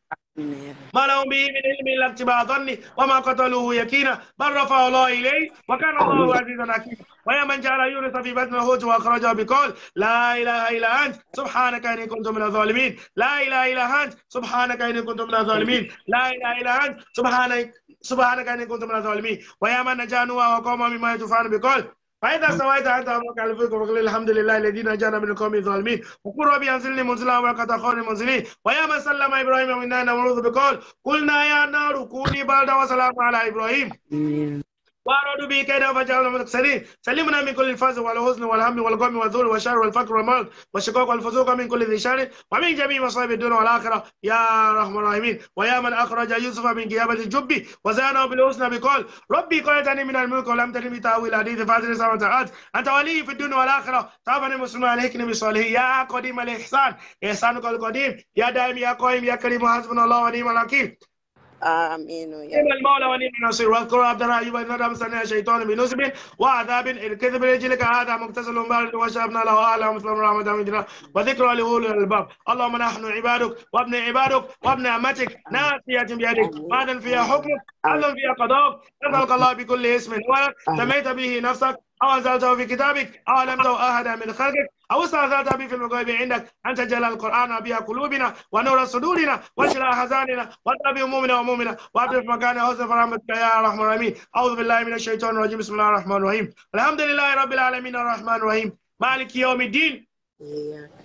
ما لهم به من علم إلا اتباع ظني وما قتلوه يكينا بل رفعه الله إليه وكان الله عزيزا حكيما ويا من جعل يونس في بطن الحوت وأخرجه بقول لا إله إلا أنت سبحانك إني كنت من الظالمين لا إله إلا أنت سبحانك إني كنت من الظالمين لا إله إلا أنت سبحانك سبحانك إني كنت من الظالمين ويا من نجا نوح وقومه مما يطوفان بقول فإذا نعم. سويت أنت أمرك على الفلك فقل الحمد لله الذي نجانا من القوم الظالمين وقل ربي أنزلني منزلا وقد خير المنزلين ويا من سلم إبراهيم منا نمرض بقول قلنا يا نار كوني بردا وسلام على إبراهيم وأرادوا به كيدا فجعلهم الأكثرين سلمنا من كل الفاز والحزن والهم والغم والذل والشر والفقر والمرض والشقاق والفسوق من كل ذي شر ومن جميع مصائب الدنيا والآخرة يا رحم الراحمين ويا من أخرج يوسف من قيامة الجب وزانه بالحسنى بقول ربي قلتني من الملك ولم تلم تأويل حديث فاضل السماوات أنت ولي في الدنيا والآخرة توفني عليك نبي صالح يا قديم الإحسان إحسانك القديم يا دائم يا قائم يا كريم حسبنا الله ونعم الوكيل امين يا رب المولى ونعم النصير واذكر عبدنا ايوب اذ نادى مستنيا شيطان بنصب وعذاب الكذب رجلك هذا مغتسل بارد وشربنا له اعلى مثل رحمه من وذكرى لاولي الالباب اللهم نحن عبادك وابن عبادك وابن امتك نافيه بيدك ماذا فيها حكمك عدل فيها قضاءك نسالك الله بكل اسم ولك سميت به نفسك أو أنزلته في كتابك أو آه، تو أحدا من خلقك أو استأثرت به في الغيب عندك أن تجعل القرآن بها قلوبنا ونور صدورنا وشلاء أحزاننا وتبي همومنا وهمومنا وأبدل في مكان حسن برحمتك يا الرحمن الرحيم أعوذ بالله من الشيطان الرجيم بسم الله الرحمن الرحيم الحمد لله رب العالمين الرحمن الرحيم مالك يوم الدين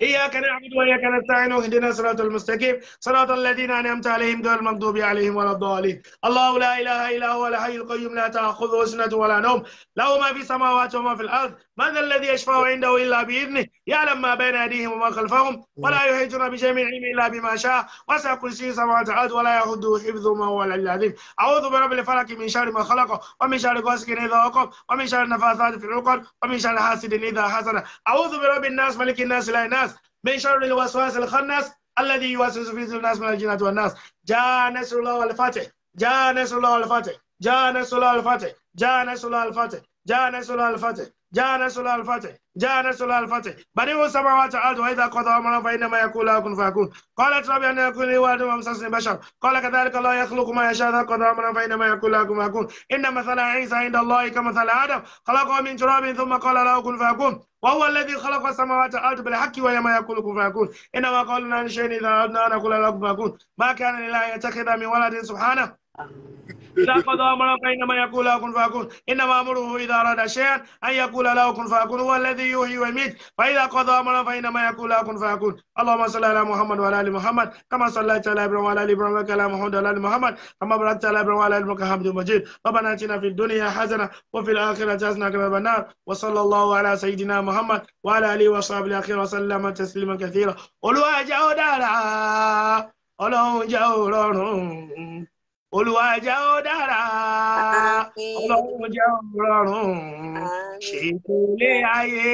إياك نعبد وإياك نستعين واهدنا صراط المستقيم صراط الذين أنعمت عليهم غير المغضوب عليهم ولا الضالين الله لا إله إلا هو الحي القيوم لا تأخذه سنة ولا نوم له ما في السماوات وما في الأرض ما الذي يشفع عنده الا باذنه يعلم ما بين ايديهم وما خلفهم ولا نعم. يحيطون بجميع علمه الا بما شاء وسع كرسيه سماوات الارض ولا يهده حفظه ما هو العلي العظيم اعوذ برب الفلك من شر ما خلق ومن شر غاسق اذا وقب ومن شر النفاثات في العقد ومن شر حاسد اذا حسد اعوذ برب الناس ملك الناس لا الناس من شر الوسواس الخناس الذي يوسوس في الناس من الجنات والناس جاء نصر الله والفاتح جاء نصر الله والفاتح جاء نصر الله والفاتح جاء نصر الله والفاتح جاء نصر الله والفاتح جاء نصر الفتح جاء نصر الفتح بديع السماوات والارض واذا قضى امرا فانما يقول له كن فيكون قالت ربي ان يكون لي ولد وامسسني بشر قال كذلك الله يخلق ما يشاء اذا قضى امرا فانما يقول له كن فيكون ان مثل عيسى عند الله كمثل ادم خلقه من تراب ثم قال له كن فيكون وهو الذي خلق السماوات والارض بالحق ويوم يقول كن فيكون انما قولنا عن شيء اذا اردنا ان نقول له كن فيكون ما كان لله يتخذ من ولد سبحانه لا قضى أمرا بينما يقول له فاكون إنما أمره إذا أراد شيئا أن يقول له كن فاكون هو الذي يحيي ويميت فإذا قضى أمرا فإنما يقول له فاكون اللهم صل على محمد وعلى آل محمد كما صليت على إبراهيم وعلى آل إبراهيم وعلى محمد وعلى آل محمد كما باركت على إبراهيم وعلى آل محمد حمد مجيد ربنا آتنا في الدنيا حسنة وفي الآخرة حسنة كما النار وصلى الله على سيدنا محمد وعلى آله وصحبه الأخير وسلم تسليما كثيرا olùwàjà ó دارا ọlọ́run jẹ́ òrọ̀rùn olúwa jẹ́ ó dára ọlọ́run jẹ́ ó rọrùn ṣètò ilé ayé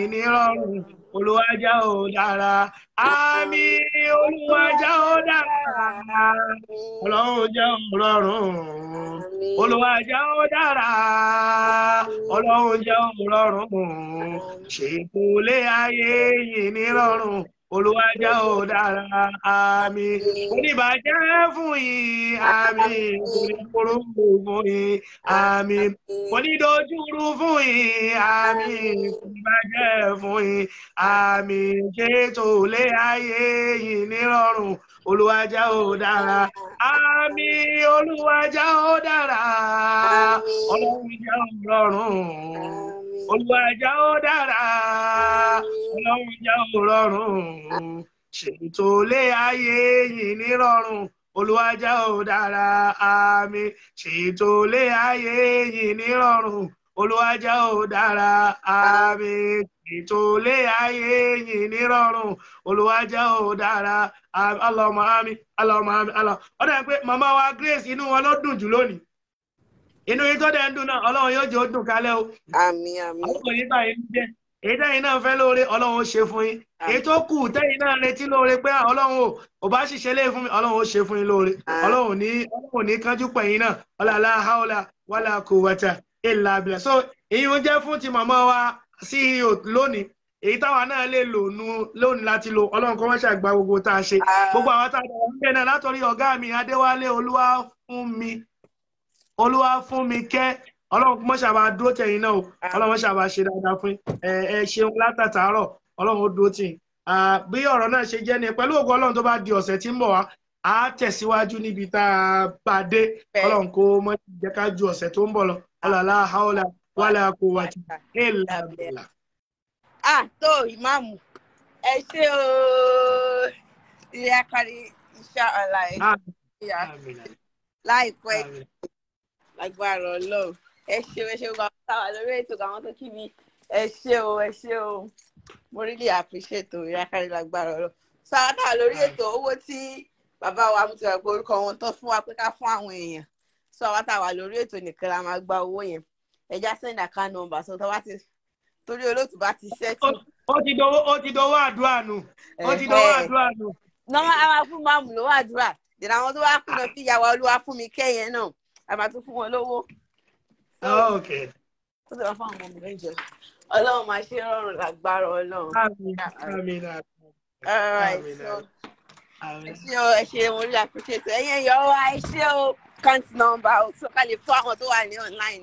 ìnírọ̀rùn olúwa jẹ́ ó dára àmín olúwa jẹ́ ó dára ọlọ́run jẹ́ ó rọrùn olúwa jẹ́ ó dára ọlọ́run jẹ́ ó rọrùn ṣètò ilé ayé ìnírọ̀rùn olùwàjà ò dára àmì oníbàjẹ́ fún yìí àmì oníkóró fún yìí àmì onídojúrú fún yìí àmì oníbàjẹ́ fún yìí àmì ṣètò lé ayé yìí nírọ̀rùn olùwàjà ò dára àmì olùwàjà ò dára ọlọ́run jẹ́ ọ̀rọ̀rùn olúwa jẹ́ ó dára ọlọ́run jẹ́ ó rọrùn ṣètò lé ayé yìí ní rọrùn olúwa jẹ́ ó dára àmín ṣètò lé ayé yìí ní rọrùn olúwa jẹ́ ó dára àmín ètò ilé ayé yìí nírọ̀rùn olúwa jẹ́ ò dára alọ́mọ àmì alọ́mọ àmì alọ́ ọ̀dà pé màmá wa grace inú wọn ló dùn jù lónìí. inú yín tó dẹ̀ ń dùn náà ọlọ́run yóò jẹ́ ó o. àmín àmín. àwọn òyìn bá yín jẹ́ èyí tẹ́yìn náà fẹ́ lóore ọlọ́run ó ṣe fún yín èyí tó kù tẹ́yìn náà retí lóore pé ọlọ́run ò ò bá ṣiṣẹ́ lé fún mi ọlọ́run ó ṣe fún yín lóore ọlọ́run ní ọlọ́run ní kánjú pẹ̀yìn náà ọlọ́lá haola wàlá kò wàtà abìlà so ìyún jẹ́ fún ti màmá wa CEO loni, èyí táwa náà lè lò nu lónìí láti lo ọlọ́run kọ́ mọ́ṣẹ́ àgbà gbogbo tá a olúwa fún mi ọlọ́run kò mọ̀ ṣàbà dúró tẹ̀yìn náà o ọlọ́run ṣàbà ṣe dáadáa fún ẹ ṣeun ọlọ́run ó dúró tì í bí ọ̀rọ̀ náà ṣe ni ògùn ọlọ́run tó bá di ọsẹ tí ń bọ̀ wá á tẹ̀síwájú níbi tá a bá dé ọlọ́run kò ju tó ń ẹ a tó ìmáàmù ẹ ṣe ooo lágbára Ọlọ́run ẹ ṣeun ẹ ṣeun àwọn táwa lórí ètò àwọn tó kí mi ẹ ṣe o ẹ ṣe o mo really appreciate o ìyákárí lágbára Ọlọ́run sáádà lórí ètò owó tí bàbá wa mo ti wà pé orúkọ wọn tó fún wa pé ká fún àwọn èèyàn sọ àwọn táwa lórí ètò nìkan la máa gba owó yẹn ẹja send account number sọ tó bá ti torí olóòtú bá ti ṣẹ́tù. ó ti dọwọ́ ó ti dọwọ́ àdúrà nù ó ti dọwọ́ àdúrà nù. nọ́mọ́ àwọn fún máàmù lówó àdúrà dènà àwọn tó wá kú lọ sí ìyàwó olúwa fún mi kẹ́yẹn náà a máa tún fún wọn lówó. Oh, okay. ó ti wá fún àwọn ọmọ mi ọlọ́run máa ṣe rọrùn lágbára ọlọ́run. àmín àmín àmín. all right so ẹ ẹ ṣé mo rí appreciate ẹ̀yin ẹ̀yọ́ wa ẹ ṣé o account number o so ká lè fún àwọn tó wà ní online.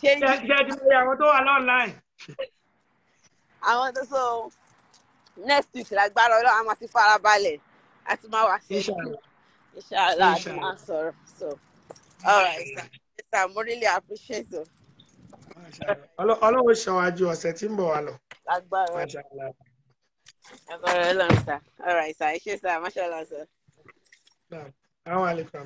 ṣé ṣe ti ṣe àwọn tó wà ní online. àwọn tó so next week lágbára ọlọ́run a máa ti fara a ti máa wá sí i. Inshallah, Inshallah. So, all right. Sir. Mm. Sir, mo really appreciate it. hello. ṣàwájú ọ̀sẹ̀ tí ń bọ̀ wá lọ. Lágbára. Agbára All sir. sá, sir. ṣe sá, máṣálá sá. Àwọn àlefà ń